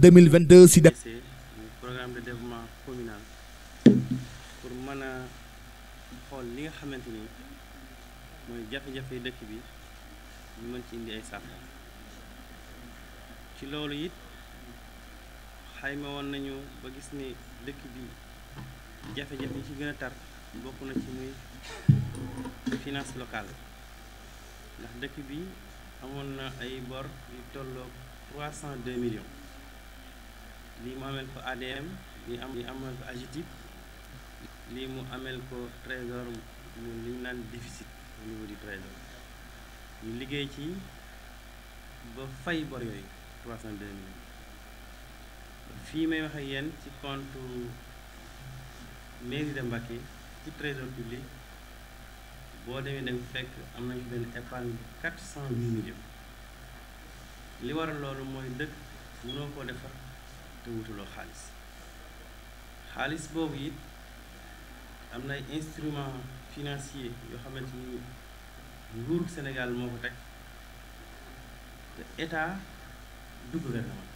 2022 si def programme de développement communal pour mën a xool li nga xamante ni mooy jafe-jafe dëkk bi ñu mën ci indi ay saafara ci loolu it xayma woon nañu ba gis ni dëkk bi jafe-jafe yi ci gën tar bokk na ci muy finance locale ndax dëkk bi amoon na ay bor yu tolloog 302 millions lii mu amel ko ADM lii am lii amel ko AGETIP lii mu amel ko trésor mu li naan déficit au niveau du trésor ñu liggéey ci ba fay bor yooyu 302 millions fii may wax ak ci compte mairie de ci trésor public boo demee dem fekk am nañu benn épargne 408 millions li waral loolu mooy dëkk mënoo koo defar te wutuloo xaalis xaalis boobu it am na ay instrument financier yoo xamante ni nguuru Sénégal moo ko teg te état du gouvernement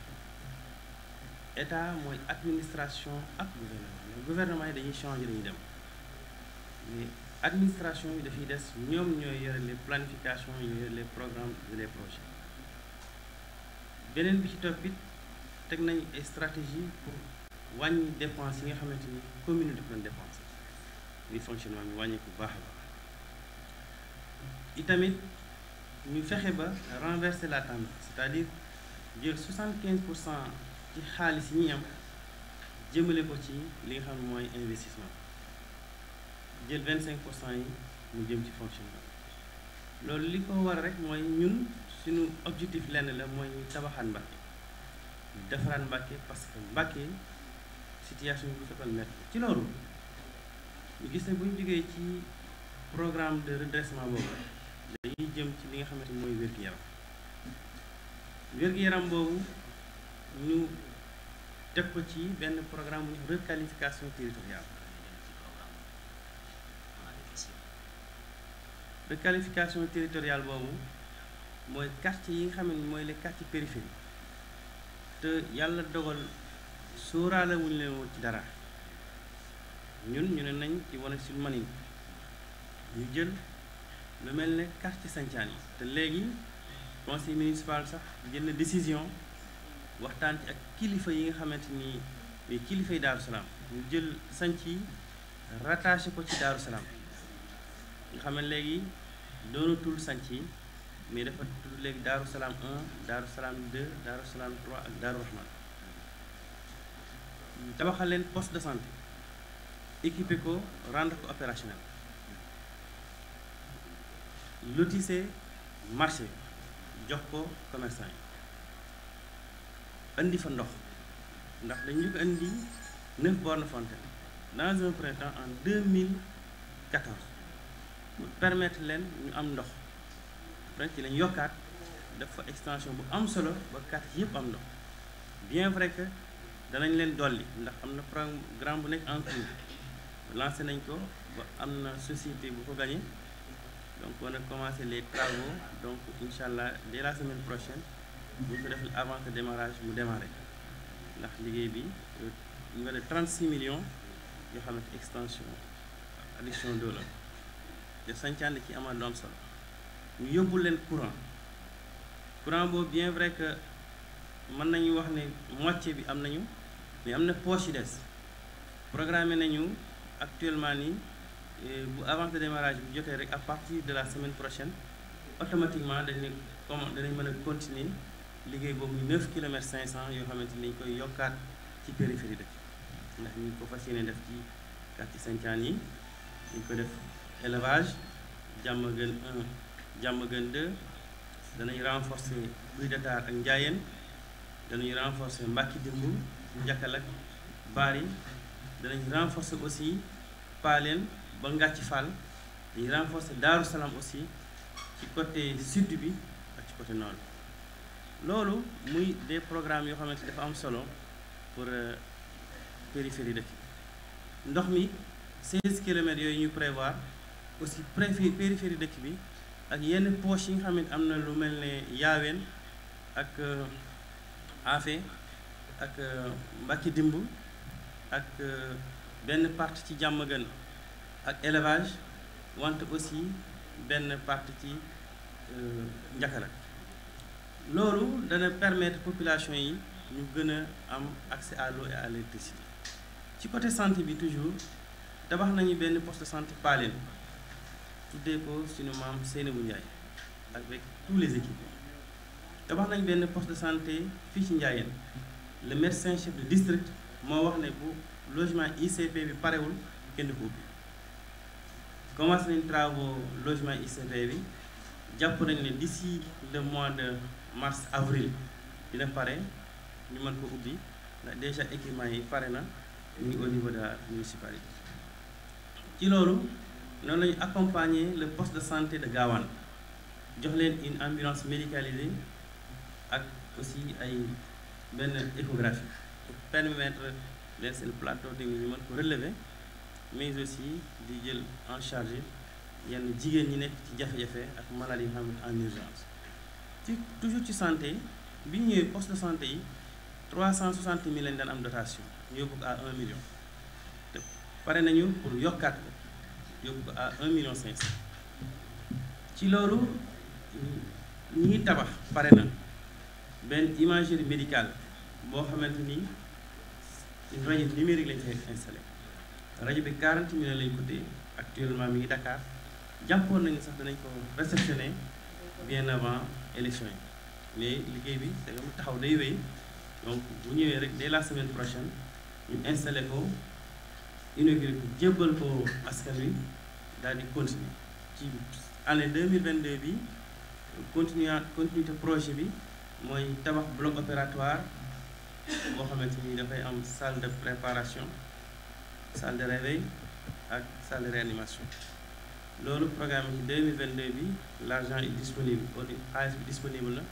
état mooy administration ak gouvernement mais gouvernement yi dañuy change dañuy dem mais administration bi dafay des ñoom ñooy yore les planifications yi yore les programmes et les projet beneen bi ci topp teg nañu ay stratégie pour wàññi dépense yi nga xamante ni commune def nañ dépense muy fonctionnement ñu wàññi bu baax a baax itamit ñu fexe ba renverser la tendance c'est-à-dire jël 75 pour cent ci xaalis yi ñuy am jëmale ko ci li xam mooy investissement jël 25 pour cent yi mu jëm ci fonctionnement loolu li ko war rek mooy ñun suñu objectif lenn la mooy tabaxaan Mbacké ñu defaraat Mbàkke parce que Mbàkke situation bi dafa ci loolu ñu gis ne bu ñu jógee ci programme de redressement boobu dañuy jëm ci li nga xamante mooy wér-gu-yaram wér-gu-yaram boobu ñu teg ko ci benn programme bu ñu requalification territoriale requalification territoriale boobu mooy quartier yi nga xam ne mooy les quartiers périphériques te yàlla dogal sóoraale wuñ leen woon ci dara ñun ñu ne nañ ci wane sul ñu jël lu mel ne quartier sancaan yi te léegi conseil municipal sax jël na décision waxtaan ci ak kilifa yi nga xamante ni mais kilifa yi Daaru Salaam ñu jël sanc yi rattaché ko ci Daaru Salaam nga xam léegi doonatul sanc yi mais dafa tudd léegi daaru salaam 1 daaru salaam 2 daaru salaam 3 ak daaru rahman tabaxal leen poste de santé équipé ko rendre ko opérationnel lotissé marché jox ko commerçant yi indi fa ndox ndax dañu ko indi neuf bornes fontaine dans un printemps en 2014 pour permettre leen ñu am ndox après ci lañ yokkaat dafa extension bu am solo ba quartier yëpp am ndox bien vrai que danañ leen dolli ndax am na programme bu nekk en cours lancé nañ ko ba am na société bu ko gagné donc on a commencé les travaux donc incha allah dès la semaine prochaine bu ñu ko def avant que démarrage mu démarré ndax liggéey bi ñu nga de 36 millions yoo xamante extension addiction d'eau la te sancaan ci amal lu am solo ñu yóbbu leen courant courant boo bien vrai que mën nañu wax ne moitié bi am nañu mais am na poche yu des programme nañu actuellement nii euh, bu avance de démarrage bu jotee rek à partir de la semaine prochaine automatiquement dañu comme danañ mën a continuer liggéey boobu ñu 9 cinq cent yoo xamante ni dañ koy yokkaat ci périphérie dëkk ndax ñu ko fas yéene def ci quartier Santhiane yi dañ ko def élevage Diamaguène 1 Diamaguène 2 danañ renforcer Guy Dakar ak Ndiayène danañ renforcer Mbacké Démboul Ndiakal ak Bari danañ renforcer aussi Paleen ba Ngàcci Fall dañuy renforcer Daaru Salaam aussi ci côté sud bi ak ci côté noonu loolu muy des programmes yoo xamante dafa am solo pour euh, périphérie dëkk ndox mi 16 kilomètres yooyu ñu prévoir aussi préfet périphérie dëkk bi ak yenn poche yi nga xam ne am na lu mel ne yaaween ak euh, afe ak euh, mbàkki dimb ak euh, benn partie ci jàmm gën ak élevage wante aussi benn partie ci njakalak loolu dana permettre population yi ñu gën a am accès à l'eau et à ci côté santé bi toujours tabax nañu benn poste de santé Paline tuddee ko suñu maam Seynabou Ndiaye avec tous les équipements tabax nañ benn poste de santé fii ci Ndiayène le médecin chef de district moo wax ne bu logement ICP bi parewul kenn ko ubbi commencé nañ travaux logement ICP bi jàpp nañ di d'ici le mois de mars avril dina pare ñu mën ko ubbi ndax déjà équipement yi pare na ñu au niveau de la municipalité ci loolu noonu lañu ñu accompagner le poste de santé de Gawane jox leen une ambulance médicalisée ak aussi ay benn échographie pour permettre leen seen plateau technique ñu mën ko relever mais aussi di jël en charge yenn jigéen ñi nekk ci jafejafe ak maladie yi nga xam ne en urgence ci toujours ci santé bi ñu ñëwee poste de santé yi 360 mille lañ daan am dotation ñu yóbbu ko à 1 million te pare nañu pour yokkaat yóbbu ko a un million cinq cent ci loolu ñi tabax pare na benn imagerie médicale boo xamante ni une rajo numérique lañ fay installé rajo bi 40 millions lañ ko actuellement mi ngi Dakar jàppoon nañu sax danañ ko réceptionné bien avant élection yi mais liggéey bi da nga mu taxaw day wéy donc bu ñëwee rek dès la semaine prochaine ñu installé ko. inauguré ko jébbal ko askan wi daal di continuer ci année 2022 bi continuer continuité projet bi mooy tabax bloc opératoire boo xamante ni dafay am salle de préparation salle de réveil ak salle de réanimation loolu programme ci 2022 bi l' argent est disponible kon xaalis bi disponible na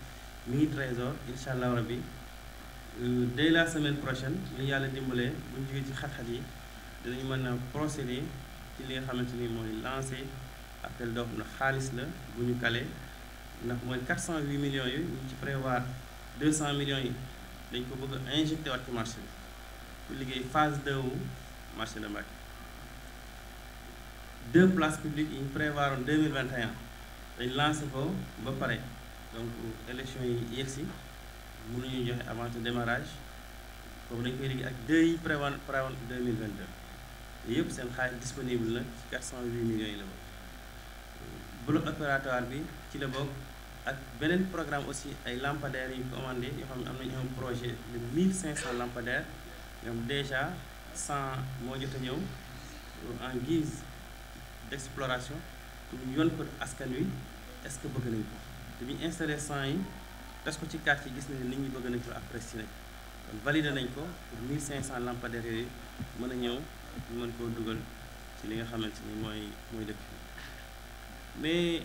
mi ngi trésor incha allah rabbi euh, dès la semaine prochaine ñu yàlla dimbalee buñ ñu ci xat-xat yi dinañu mën a procéder ci li nga xamante ni mooy lancé appel d'offre na xaalis la bu ñu kale ndax mooy 408 millions yi ñu ci prévoir 200 millions yi dañ ko bëgg a injecté waat ci marché bi pour liggéey phase 2 wu marché de Mbacké deux places publiques yi ñu prévoir en 2021 dañ lancé ko ba pare donc élection yi yegsi ñu joxe avant démarrage boobu dañ koy liggéey ak deux yi prévoir prévoir 2022 yooyu yëpp seen xaalis disponible la ci 408 millions yi la bokk bloc opératoire bi ci la bokk ak beneen programme aussi ay lampadaires yi commandé yoo xam ne am nañu un projet de 1500 lampadaires ñoom déjà 100 moo jot a ñëw en guise d' exploration pour ñu yoon ko askan wi est ce que bëgg nañ ko te bi ñu installé yi tas ko ci quartier gis nañ ne nit ñi bëgg nañ ko apprécier nañ kon validé nañ ko pour 1500 lampadaires yooyu mën a ñëw. ñu mën koo dugal ci li nga xamante ni mooy mooy dëkk bi mais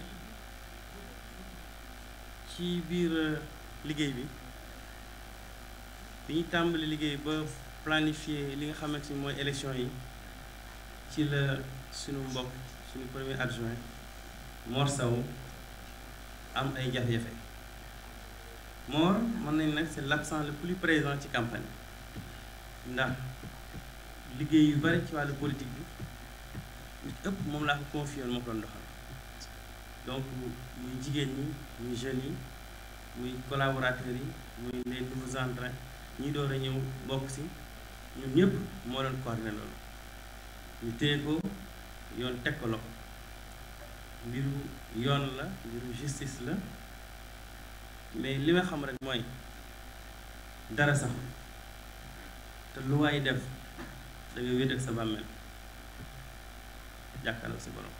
ci biir euh, liggéey bi bi ñu tàmbali liggéey ba planifier li nga xamante ni mooy élection yi ci la sunu mbokk suñu premier adjoint Mor Sow am ay jafe-jafe Mor mën nañ nag c'est l'absent le plus présent ci campagne ndax liggéey yu bari ci wàllu politique bi lu ëpp moom laa ko confié woon moo ko doxal donc muy jigéen ñi muy jeunes yi muy collaborateurs yi muy les nouveaux entrants ñi door a ñëw bokk si ñun ñëpp moo doon coordonné loolu ñu téye ko yoon teg ko loxo mbiru yoon la mbiru justice la mais li ma xam rek mooy dara sax te lu waay def da nga wéet ak sa bàmmeel jàkkaarloo si borom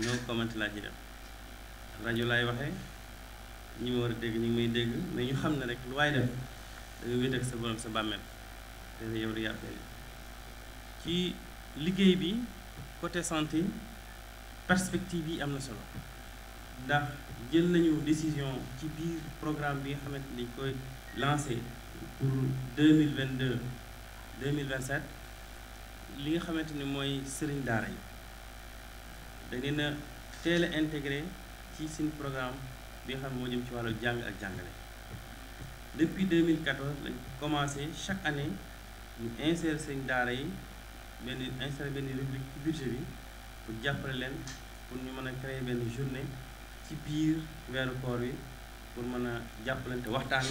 ñoo commenté laa ci dem rajo lay waxee ñi ma war a dégg ñu ngi may dégg mais ñu xam ne rek lu waay def da wéet ak sa borom sa bàmmeel dana yow di yàppee ci liggéey bi côté santé perspective yi am na solo ndax jël nañu décision ci biir programme bi nga xamante ni koy lancé pour 2022 2027 li nga xamante ni mooy sëriñ daara yi dañ leen a teel a intégré ci seen programme bi nga xam moo jëm ci wàllu jàng ak jàngale depuis 2014 lañ commencé chaque année ñu insérer sëriñ daara yi benn insérer benn rubrique ci budget bi pour jàppale leen pour ñu mën a créer benn journée ci biir weeru koor wi pour mën a jàppalante waxtaan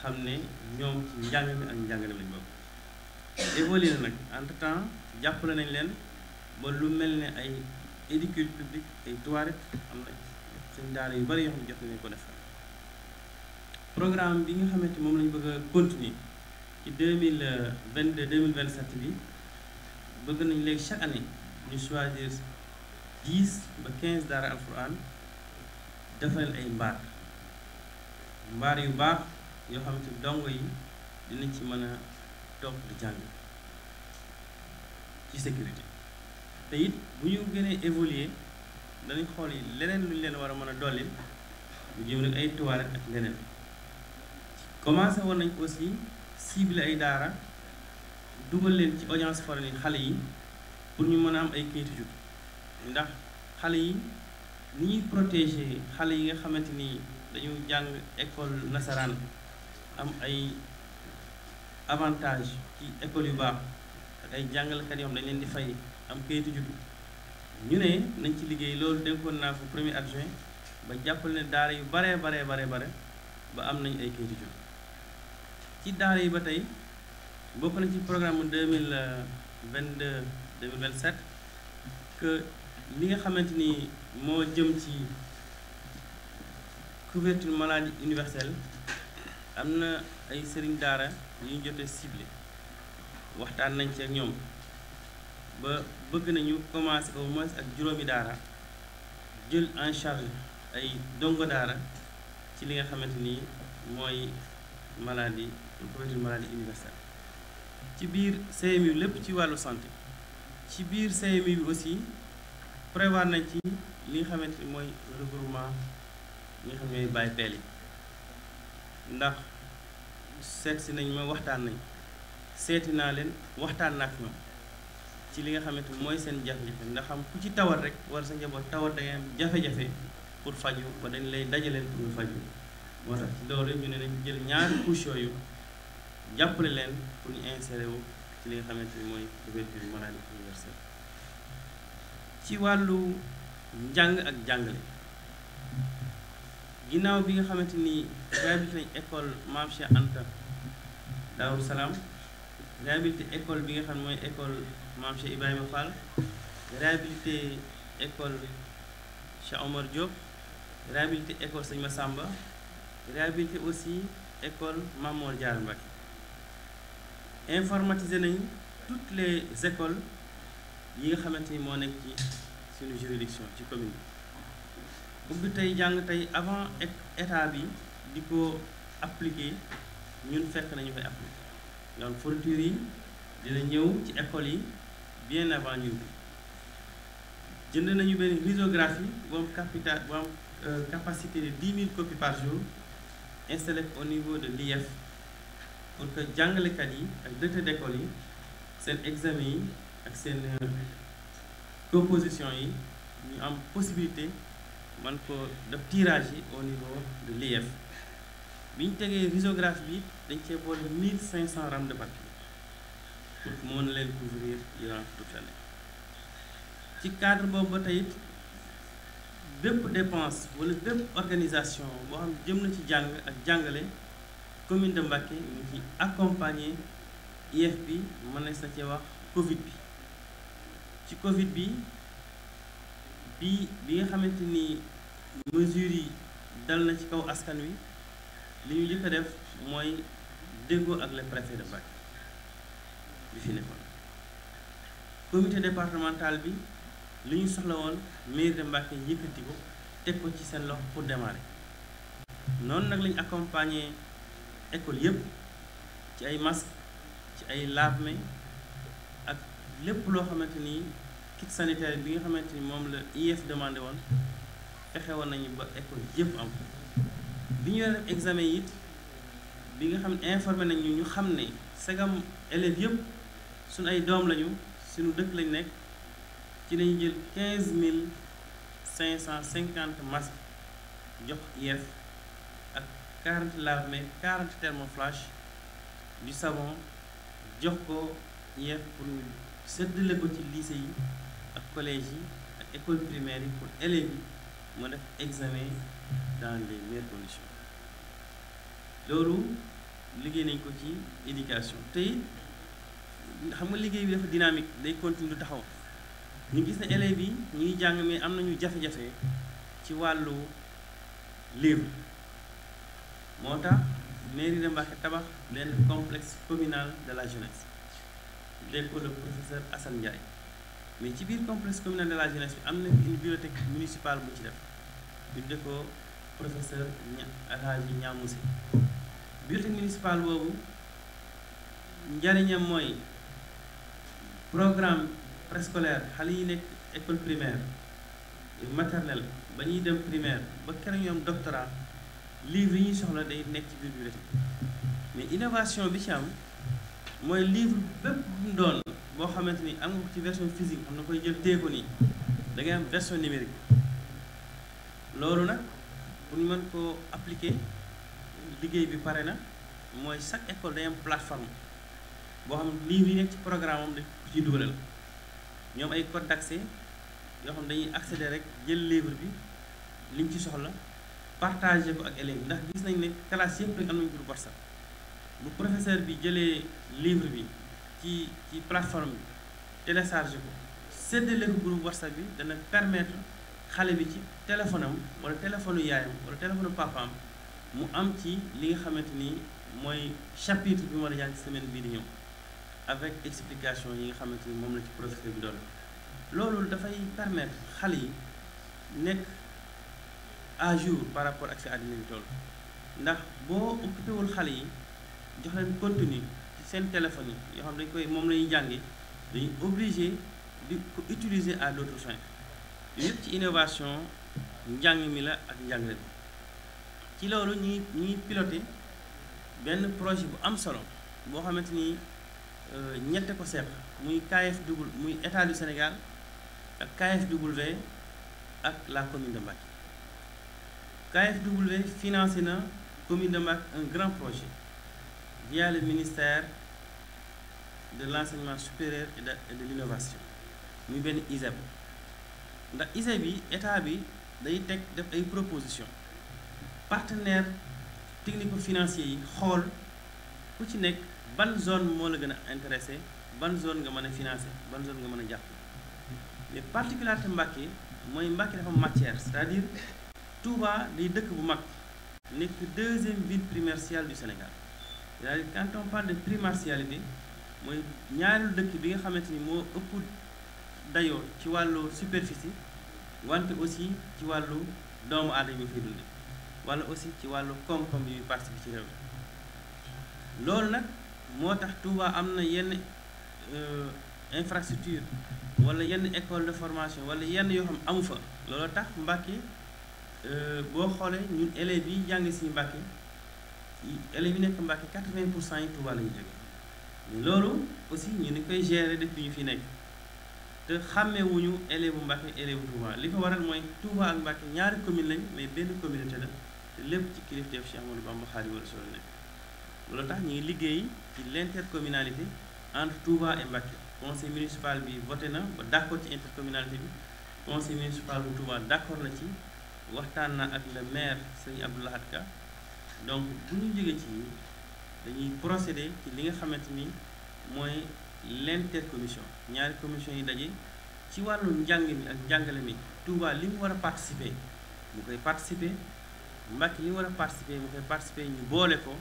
xam ne ñoom ci njàng mi ak njàngale lañ bokk évolué na nag entre temps jàppale nañ leen ba lu mel ni ay édicule publique ay toilettes am na suñ daara yu bari yoo xam ne jot nañu ko def programme bi nga xamante moom lañu bëgg a continuer ci deux mille vingt deux deux mille vingt sept bi bëgg nañ léegi chaque année ñu choisir dix ba quinze daara alquran defal ay mbaar mbaar yu baax yoo xamante dongo yi dina ci mën a toog di jàng ci sécurité te it bu ñu gënee évoluer danañ xool yi leneen luñ leen war a mën a dolli lu jëm nag ay toilettes ak leneen commencé woon nañ aussi ciblé ay daara dugal leen ci audience foraine yi xale yi pour ñu mën a am ay kayitu jub ndax xale yi ni ñuy protéger xale yi nga xamante ni dañu jàng école nasaraan am ay avantage ci école yu baax ak ay jàngalekat yoo xam dañ leen di fay am kayitu juddu ñu ne nañ ci liggéey loolu dénkoon naa ko premier adjoint ba jàppale ne daara yu baree baree baree bare ba am nañ ay kayitu juddu ci daara yi ba tey bokk na ci programme deux mille euh, vingt deux deux mille vingt que li nga xamante ni moo jëm ci couverture maladie universelle am na ay sëriñ daara. ñuy jotee cible waxtaan nañ ci ak ñoom ba bëgg nañu commencé au moins ak juróomi daara jël en charge ay dongo daara ci li nga xamante ni mooy maladie couverture maladie universelle ci biir CMU lépp ci wàllu santé ci biir CMU bi aussi prévoir nañ ci li nga xamante ni mooy regroupement ñi nga xam ne ñooy bàyyi peel yi ndax seet si nañ ma waxtaan nañ seeti naa leen waxtaan naak ñoom ci li nga xamante mooy seen jafe-jafe ndax xam ku ci tawat rek war sa njaboot tawat da ngay am jafe-jafe pour faj ba dañ lay dajaleen pour nga faju moo tax ci loolu ñu ne nañ jël ñaari couche yooyu jàppale leen pour ñu insérer ci li nga xamante ni mooy couverture maladie universelle ci wàllu njàng ak jàngale ginnaaw bi nga xamante ni réhabilité nañ école Maam Cheikh Anta Daaru Salaam école bi nga xam mooy école Maam ibrahim Ibrahima Fall réhabilité école Cheikh Omar Diop réhabilité école Sëñ Massamba réhabilité aussi école Mame Mor Diarra Mbacké informatisé nañ toutes les écoles yi nga xamante ni moo nekk ci suñu juridiction ci commune bëgg tey jàng tey avant état bi di ko appliquer ñun fekk nañu koy appliquer donc fourniture yi dina ñëw ci école yi bien avant ñun bi jënd nañu benn risographie bu am capital bu am euh, capacité de 10 000 copies par jour installé au niveau de l'IEF pour que jàngalekat yi ak directeur d'école yi seen examen yi ak seen composition euh, yi ñu am possibilité man ko def tirage yi au niveau de l'IEF bi ñu tegee risographe bi dañ cee boole 1500 rames de papier pour que mën leen couvrir durant toute l'année ci cadre boobu ba tey bépp dépense wala bépp organisation boo xam jëm na ci jàng ak jàngale commune de Mbacké mu ci accompagner IEF bi mën na sa cee wax Covid bi ci Covid bi bi bi nga xamante ni mesures yi dal na ci kaw askan wi li ñu njëkk def mooy déggoo ak le préfet de Mbacké bi fi nekkoon comité départemental bi li ñu soxla woon mairie de Mbacké yëkkati ko teg ko ci seen loxo pour démarrer noonu nag lañu accompagner école yëpp ci ay masques ci ay lave ak lépp loo xamante ni kit sanitaire bi nga xamante ni moom la IEF demandé woon fexe woon nañu ba école yëpp am bi ñu def examen yi bi nga xam ne informé nañu ñu xam ne segam élèves yëpp sun ay doom lañu suñu dëkk lañu nekk ci lañu jël quinze mille cinq cent cinquante masques jox IEF ak quarante larmes quarante thermoflash du savon jox ko IEF pour séddale ko ci lycée yi ak collège yi ak école primaire yi pour élèves ma def examen dans les meilleures conditions loolu liggéey nañ ko ci éducation te xam nga liggéey bi dafa dynamique day continuer taxaw ñu gis ne élèves bi ñu ngi jàng mais am nañu jafe-jafe ci wàllu livre moo tax mairie de Mbacké tabax benn complexe communal de la jeunesse l'école de professeur Assane Ndiaye mais ci biir complexe communal de la jeunesse bi am na une bibliothèque municipal bu ci def bindee ko professeur ña Alaaji Si bulletin municipal boobu njariñam mooy programme préscolaire xale yi nekk école primaire maternelle ba ñuy dem primaire ba keroog ñoom doctorat livre yi ñuy soxla day nekk ci biir mais innovation bi ci am mooy livre bépp mu doon boo xamante ni am nga ko ci version physique xam na koy jël téye ko nii da ngay am version numérique loolu nag pour ñu mën koo appliquer liggéey bi pare na mooy chaque école day am plateforme boo xam lii yi nekk ci programme am dañ ci ciy dugalal ñoom ay code d'accès yoo xam dañuy accéder rek jël livre bi liñ ci soxla partager ko ak élèves ndax gis nañ ne classe yëpp rek am nañ groupe WhatsApp bu professeur bi jëlee livre bi ci ci plateforme bi télécharge ko séddale ko groupe WhatsApp bi dana permettre xale bi ci téléphone am wala téléphone yaayam wala téléphone papaam mu am ci li nga xamante ni mooy chapitre bi mu war a jàng semaine bii di ñëw avec explication yi nga xamante ni moom la ci professeur bi doon loolu dafay permettre xale yi nekk à jour par rapport ak si àddina bi toll ndax boo occupé xale yi jox leen contenu ci seen téléphone yi yoo xam ne dañ koy moom la ñuy jànge dañuy obligé di ko utiliser à d'autres fins lépp ci innovation njàng mi la ak njàngale bi ci loolu ñuy ñuy piloté benn projet bu am solo boo xamante ni euh, ñette ko seet muy KFW muy état du Sénégal ak KFW ak la commune de Mbacké KFW financé na commune de Mbacké un grand projet via le ministère de l'enseignement supérieur et de l'innovation muy benn ISEP ndax ISEP bi état bi day teg def ay proposition partenaire technique financier yi xool ku ci nekk ban zone moo la gën a intéressé ban zone nga mën a financé ban zone nga mën a jàpp mais particularité Mbàkke mooy Mbàkke dafa matière c'est-à-dire Touba day dëkk bu mag nekk deuxième ville primatiale du Sénégal c'est-à-dire quand on parle de primatialité mooy ñaareelu dëkk bi nga xamante ni moo ëpp dayoo ci wàllu superficie wante aussi ci wàllu doomu aadama yi fi dunde wala aussi ci wàllu koom-koom yi participe ci réew loolu nag moo tax Touba am na yenn euh, infrastructure wala yenn école de formation wala yenn yoo xam amu fa loolu tax Mbàkke euh, boo xoolee ñun élèves bi jàng si Mbàkke élèves yi nekk Mbàkke 80 pour cent yi Touba la ñu jóge loolu aussi ñu ni koy gérer depuis ñu fi nekk te xàmmewuñu élève bu Mbàkke élève bu li ko waral mooy Touba ak Mbàkke ñaari commune lañ mais benn communauté la te lépp ci kilifteef Cheikh Amadou Bamba Xaadimu Rasuul nekk loolu tax ñu ngi liggéey ci l'intercommunalité entre Touba et Mbàkke conseil municipal bi voté na ba d'accord ci intercommunalité bi conseil municipal bu Touba d'accord na ci waxtaan na ak le maire sëñ Abdou Lahad Ka donc bu ñu jógee ci dañuy procéder ci li nga xamante ni mooy l'intercommission ñaari commission yi daje ci wàllu njàng mi ak njàngale mi Touba li mu war a participer mu koy participer Mbàkke li mu war a participer mu koy participer ñu boole ko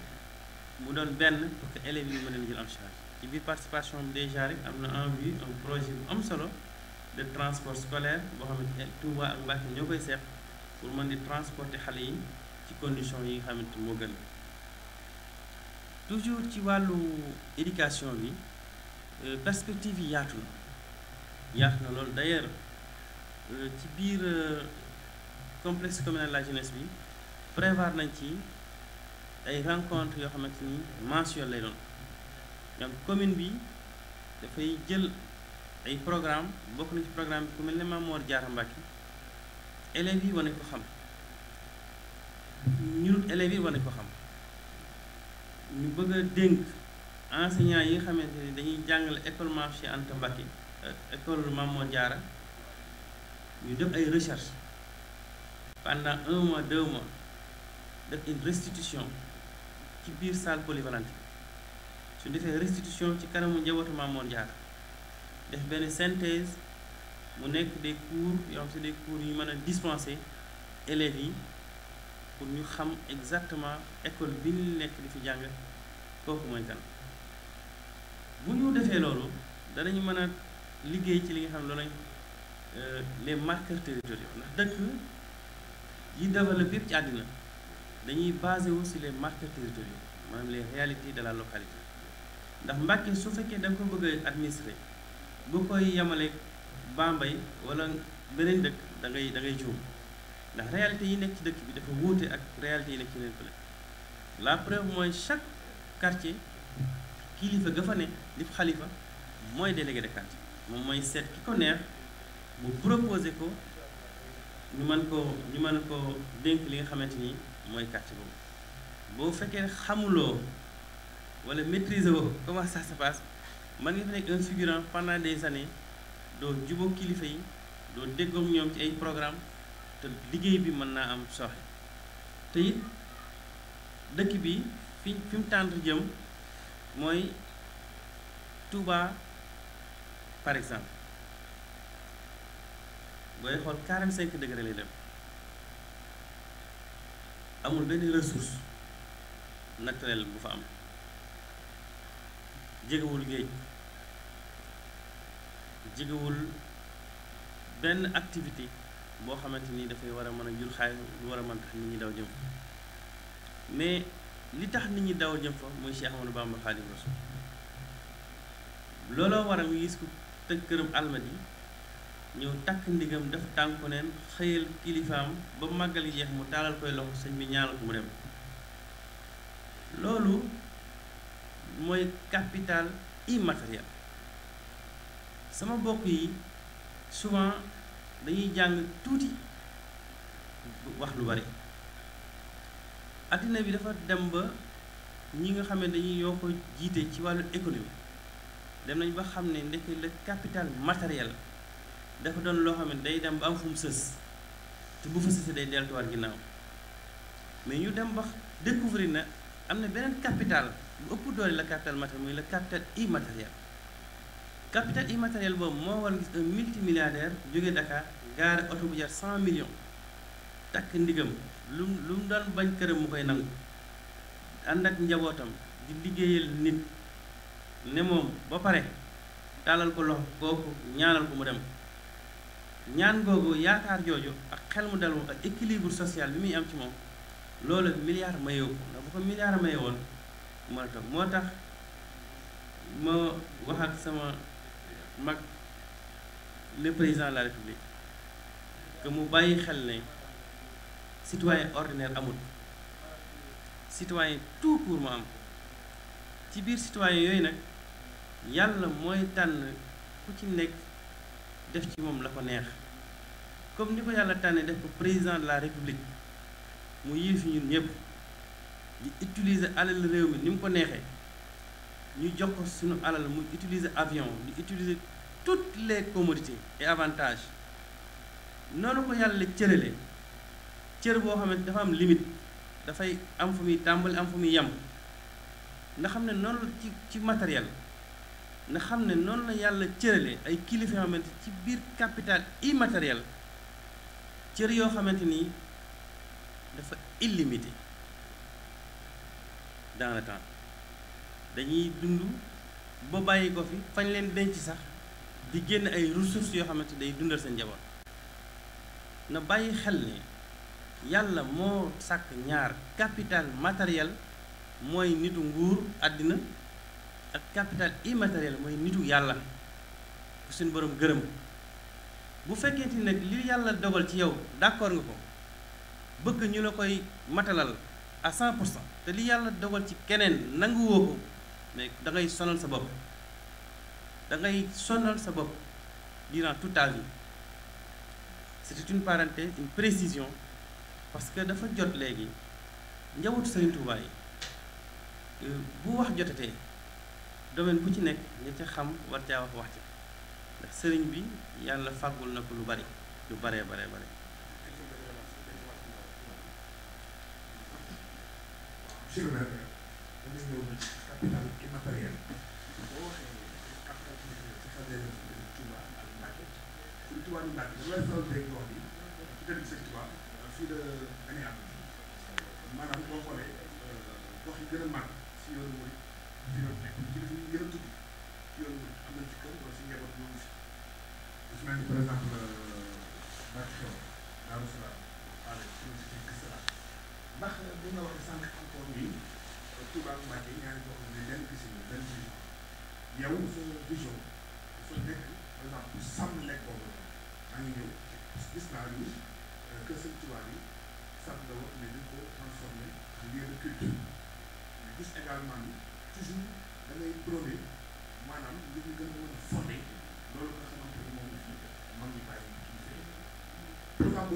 mu doon benn pour que élèves yi mën leen jël en charge ci biir participation bi déjà rek am na en vue un projet bu am solo de transport scolaire boo xamante ne Touba ak Mbàkke ñoo koy seet pour mën di transporter xale yi ci condition yi nga xamante moo gën toujours ci wàllu éducation bi Euh, perspective yi yaatu na yaatu na loolu d'ailleurs euh, ci biir euh, complexe communal la jeunesse bi prévoir nañ ci ay rencontre yoo xamante ni mensuel lay doon donc commune bi dafay jël ay programme bokk na ci programme bi ku mel ne Mamour Diarra Mbacké élèves yi war ko xam ñun élèves yi war nañ ko xam ñu bëgg dénk enseignant yi nga xamante ni dañuy jàngale école Mame Cheikh Anta Mbacké euh, école Mamour Diarra ñu def ay recherche pendant un mois deux mois def une restitution ci biir salle polyvalente su defee restitution ci kanamu njabootu Mamour Diarra def benn synthèse mu nekk de cours yoo xam si des cours yu mën a dispenser élèves yi pour ñu xam exactement école bi ñu nekk di fi jàng kooku mooy kan bu ñu defee loolu danañu mën a liggéey ci li nga xam ne loolu lañ euh, les marqueurs territoriaux ndax dëkk yi développé yëpp ci àddina dañuy basé wu si les marqueurs territoriaux maam les réalités de la localité ndax Mbàkke su fekkee da ko bëgg a administré bu koy yemale yi wala beneen dëkk da ngay da ngay juum ndax réalité yi nekk ci dëkk bi dafa wuute ak réalité yi nekk ci beneen la preuve mooy chaque quartier. kilifa ga fa ne li xalifa mooy délégué de quartier moom mooy seet ki ko neex mu proposé ko ñu mën ko ñu man mën ko dénk li nga xamante ni mooy quartier boobu boo fekkee xamuloo walla maîtriser woo comment sax se passe mën nga fa nekk un figurant pendant des années doo jubóo kilifa yi doo déggoog ñoom ci ay programme te liggéey bi mën naa am soxe te dëkk bi fi fi mu tànt jëm mooy Touba par exemple booy xool 45 degré lay dem amul benn ressource naturelle bu fa am jegewul géej jegewul benn activité boo xamante ni dafay war a mën a jur xaalis lu war a mën tax nit ñi daw jëm mais li tax nit ñi daw jëm fa muy Cheikh Amadou Bamba Xaadimu Rasuul looloo waral ñu gis ko tëj këram almadi ñëw takk ndigam def tànku neen xëyal kilifaam ba màggal jeex mu taalal koy loxo sëñ bi ñaanal ko mu loolu mooy capital immatériel sama bokk yi suvent dañuy jàng tuuti wax lu bare addina bi dafa dem ba ñi nga xam ne dañuy yoo ko jiite ci wàllu économie dem nañ ba xam ne ndeke la capital matériel dafa doon loo xam ne day dem ba am fu sës te bu fa day deltuwaat ginnaaw mais ñu dem ba découvrir na am na beneen capital bu ëpp doole la capital matériel muy le capital immatériel capital immatériel boobu moo war gis un multimilliardaire jóge Dakar gaare oto bu jar 100 millions takk ndigam lu lu mu daan bañ këram mu koy nangu ànd ak njabootam di liggéeyal nit ne moom ba pare dalal ko loxo kooku ñaanal ko mu dem ñaan googu yaakaar jooju ak xel mu dal moom ak équilibre social bi muy am ci moom loolu milliard mayoo ndax bu ko milliard maye woon moo tax moo tax ma wax ak sama mag le président la république que mu bàyyi xel ne citoyen ordinaire amul citoyen tout pour mu am ci biir citoyen yooyu nag yàlla mooy tànn ku ci nekk def ci moom la ko neex comme ni ko yàlla tànnee def ko président de la république mu yilif ñëpp utiliser alal réew mi ni mu ko neexee ñu jox ko suñu alal mu utiliser avion di utiliser toutes les commodités et avantages noonu ko yàlla cëralee cër boo xamante dafa am limite dafay am fu muy tàmbali am fu muy yem nga xam ne noonu la ci matériel nga xam ne noonu la yàlla cëralee ay kilifa yoo xamante ci biir capital immatériel cër yoo xamante ni dafa illimité dans le temps dañuy dund ba bàyyi ko fi fañ leen denc sax di génn ay ressources yoo xamante day dundal seen njaboot na bàyyi xel ne. yàlla moo sàkk ñaar capital matériel mooy nitu nguur àddina ak capital immatériel mooy nitu yàlla bu suñu borom gërëm bu fekkente ni nag li yàlla dogal ci yow d'accord nga ko bëgg ñu la koy matalal à 100 pour cent te li yàlla dogal ci keneen nanguwoo ko mais da ngay sonal sa bopp da ngay sonal sa bopp durant toute ta vie c'était une parenthèse une précision parce que dafa jot léegi njabootu Sëriñ Tuubaa yi euh, bu wax jotatee domaine bu ci nekk nga ca xam war caa wax wax ci ndax sëriñ bi yàlla fàggul na ko lu bari lu baree baree bare ci fii la gën a yaatu maanaam boo xoolee yi gën a màgg si yoonu Mouride ci yoonu nekk ci li ñu gën ci yoonu am nañ ci kër wala si njaboot ñoo si lu ci mel ni par exemple Mbacke Thiaw Darou Salaam Pallé suñu si kër Salaam ndax bu nga waxee sànq ak Mbacke ñaari gox yi benn gis-gis benn vision yow sa vision dafa nekk par exemple sàmm lekk boobu maa ngi ñëw gis naa ni.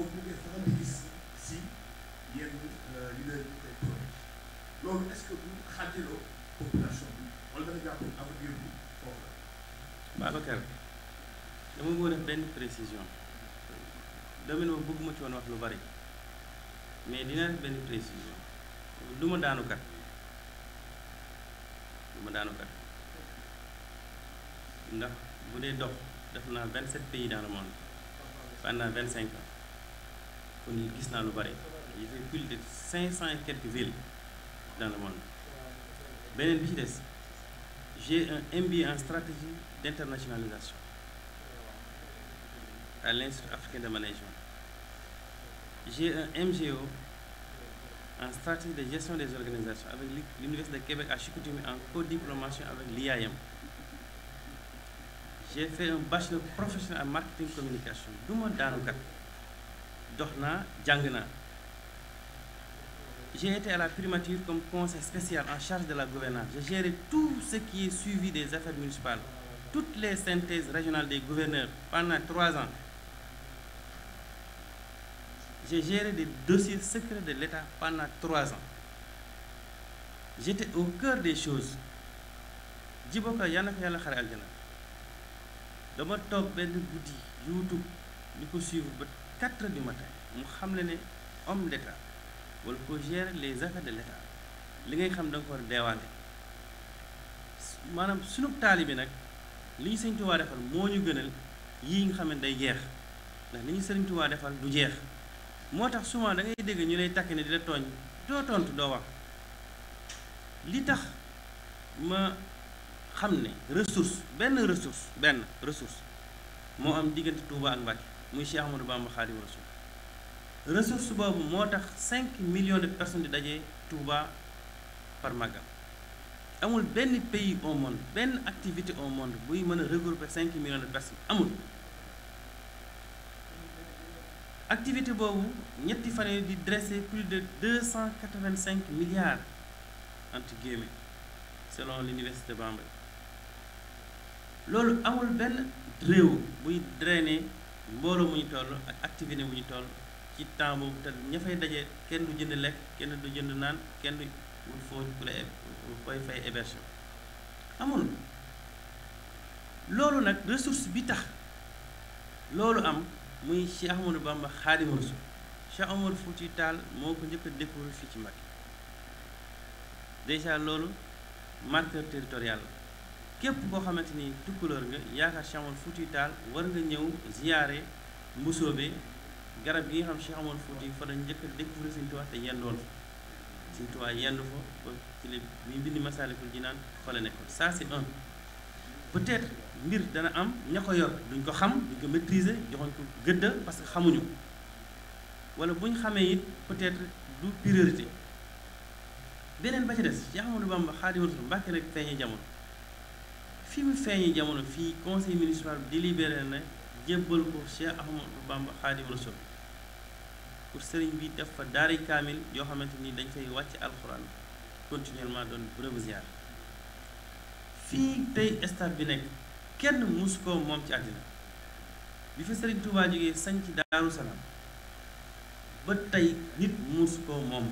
boobu mu ngi faral di gis dama bëgg benn précision domaine boobu bëgguma ci woon wax lu bari mais dina benn précision du ma daanu kat du ma daanu kat ndax bu dee dox def naa vingt sept pays dans le monde pendant vingt cinq ans. kon gis naa lu bari il fait plus de cinq cent et quelques villes dans le monde beneen bi ci des j'ai un MBA en stratégie d'internationalisation à l'Institut africain de management j'ai un MGO en stratégie de gestion des organisations avec l'Université de Québec à Chicoutimi en co-diplomation avec l'IAM j'ai fait un bachelor professionnel en marketing communication du ma daanu kat dox naa jàng naa j'ai été la primature comme conseil spécial en charge de la gouvernance je gérais tout ce qui est suivi des affaires municipales toutes les synthèses régionales des gouverneur pendant trois ans j'ai géré des dossiers secrets de l'État pendant trois ans j'étais au cœur des choses Djibo Ka yal na ko yàlla xare aljana dama toog benn guddi YouTube ni ko suivre 4 heures du matin mu xam le ne homme d' état wala ko gérer les affaires de l' état li ngay xam da nga ko war a deewaale maanaam sunu taalibe nag li ñu sëñ Tuubaa defal moo ñu gënal yii nga xam ne day jeex ndax li ñu sëriñ Tuubaa defal du jeex moo tax souvent da ngay dégg ñu lay takk ne di la tooñ doo tontu doo wax li tax ma xam ne ressource benn ressource benn ressource moo am diggante Touba ak Mbacke muy Cheikh Amadou Bamba Xaadimu Rasuul ressource boobu moo tax 5 millions de personnes di daje Touba par Magal amul benn pays au monde benn activité au monde buy mën a regrouper 5 millions de personnes amul. activité boobu ñetti fan yi di dresser plus de 285 milliards entre guillemets selon l'université Bambey loolu amul benn réew buy drainer. mbooloo mu ñu toll ak activité bu ñu toll ci temps boobu te ña fay daje kenn du jënd lekk kenn du jënd naan kenn du wut foo ku la koy fay hébergement amul loolu nag ressource bi tax loolu am muy Cheikh Ahmadou Bamba Xaadimu Rasuul Cheikh Omar Fouti Tall moo ko njëkk a fii ci Mbacké déjà loolu marqueur territorial képp koo xamante ni tukkulóor nga yaakaar Cheikh Omar Fouti Taal war nga ñëw ziyaare mbusoobe garab gi nga xam Cheikh Omar Fouti fa dañ njëkk a découvrir Sëñ Tuubaa te yendoon fa Sëñ Tuubaa yendu fa ba ci li muy bind Masaalikul Jinaan fa la nekkoon ça c'est un peut-être mbir dana am ña ko yor duñ ko xam duñ ko maîtriser joxoñ ko gëdda parce que xamuñu wala buñ xamee it peut-être du priorité beneen ba ci des Cheikh Ahmadou Bamba Xaadimu Rasuul Mbàkke rek feeñee jamono fi mu feeñi jamono fii conseil municipal bi délibéré na jébbal ko Cheikh Ahmadou Bamba Xaadim Rasul pour sëriñ bi def fa daari kaamil yoo xamante ni dañ fay wàcc alxuraan continuellement doon bërëbu ziar fii tey stade bi nekk kenn mus ko moom ci àddina bi fi sëriñ Touba jógee sañ ci Daaru Salaam ba tey nit mus ko moom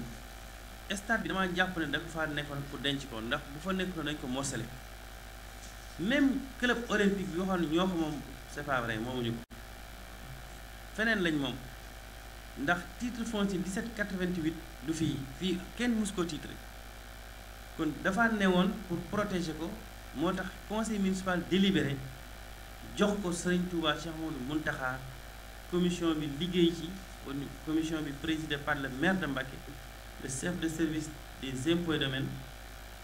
stade bi dama jàpp ne dafa fa nekkoon pour denc ko ndax bu fa nekkoon dañ ko morcelé même club olympique bi waxoon ñoo ko moom c'est pas moomuñu ko feneen lañ moom ndax titre foncier 1788 du fii fii kenn mus ko titre kon dafa ne woon pour protégé ko moo tax conseil municipal délibéré jox ko Serigne Touba Cheikh Mouhamadou Mountakha commission bi liggéey ci commission bi présidée par le maire de Mbacké le chef de service des impôts et domaines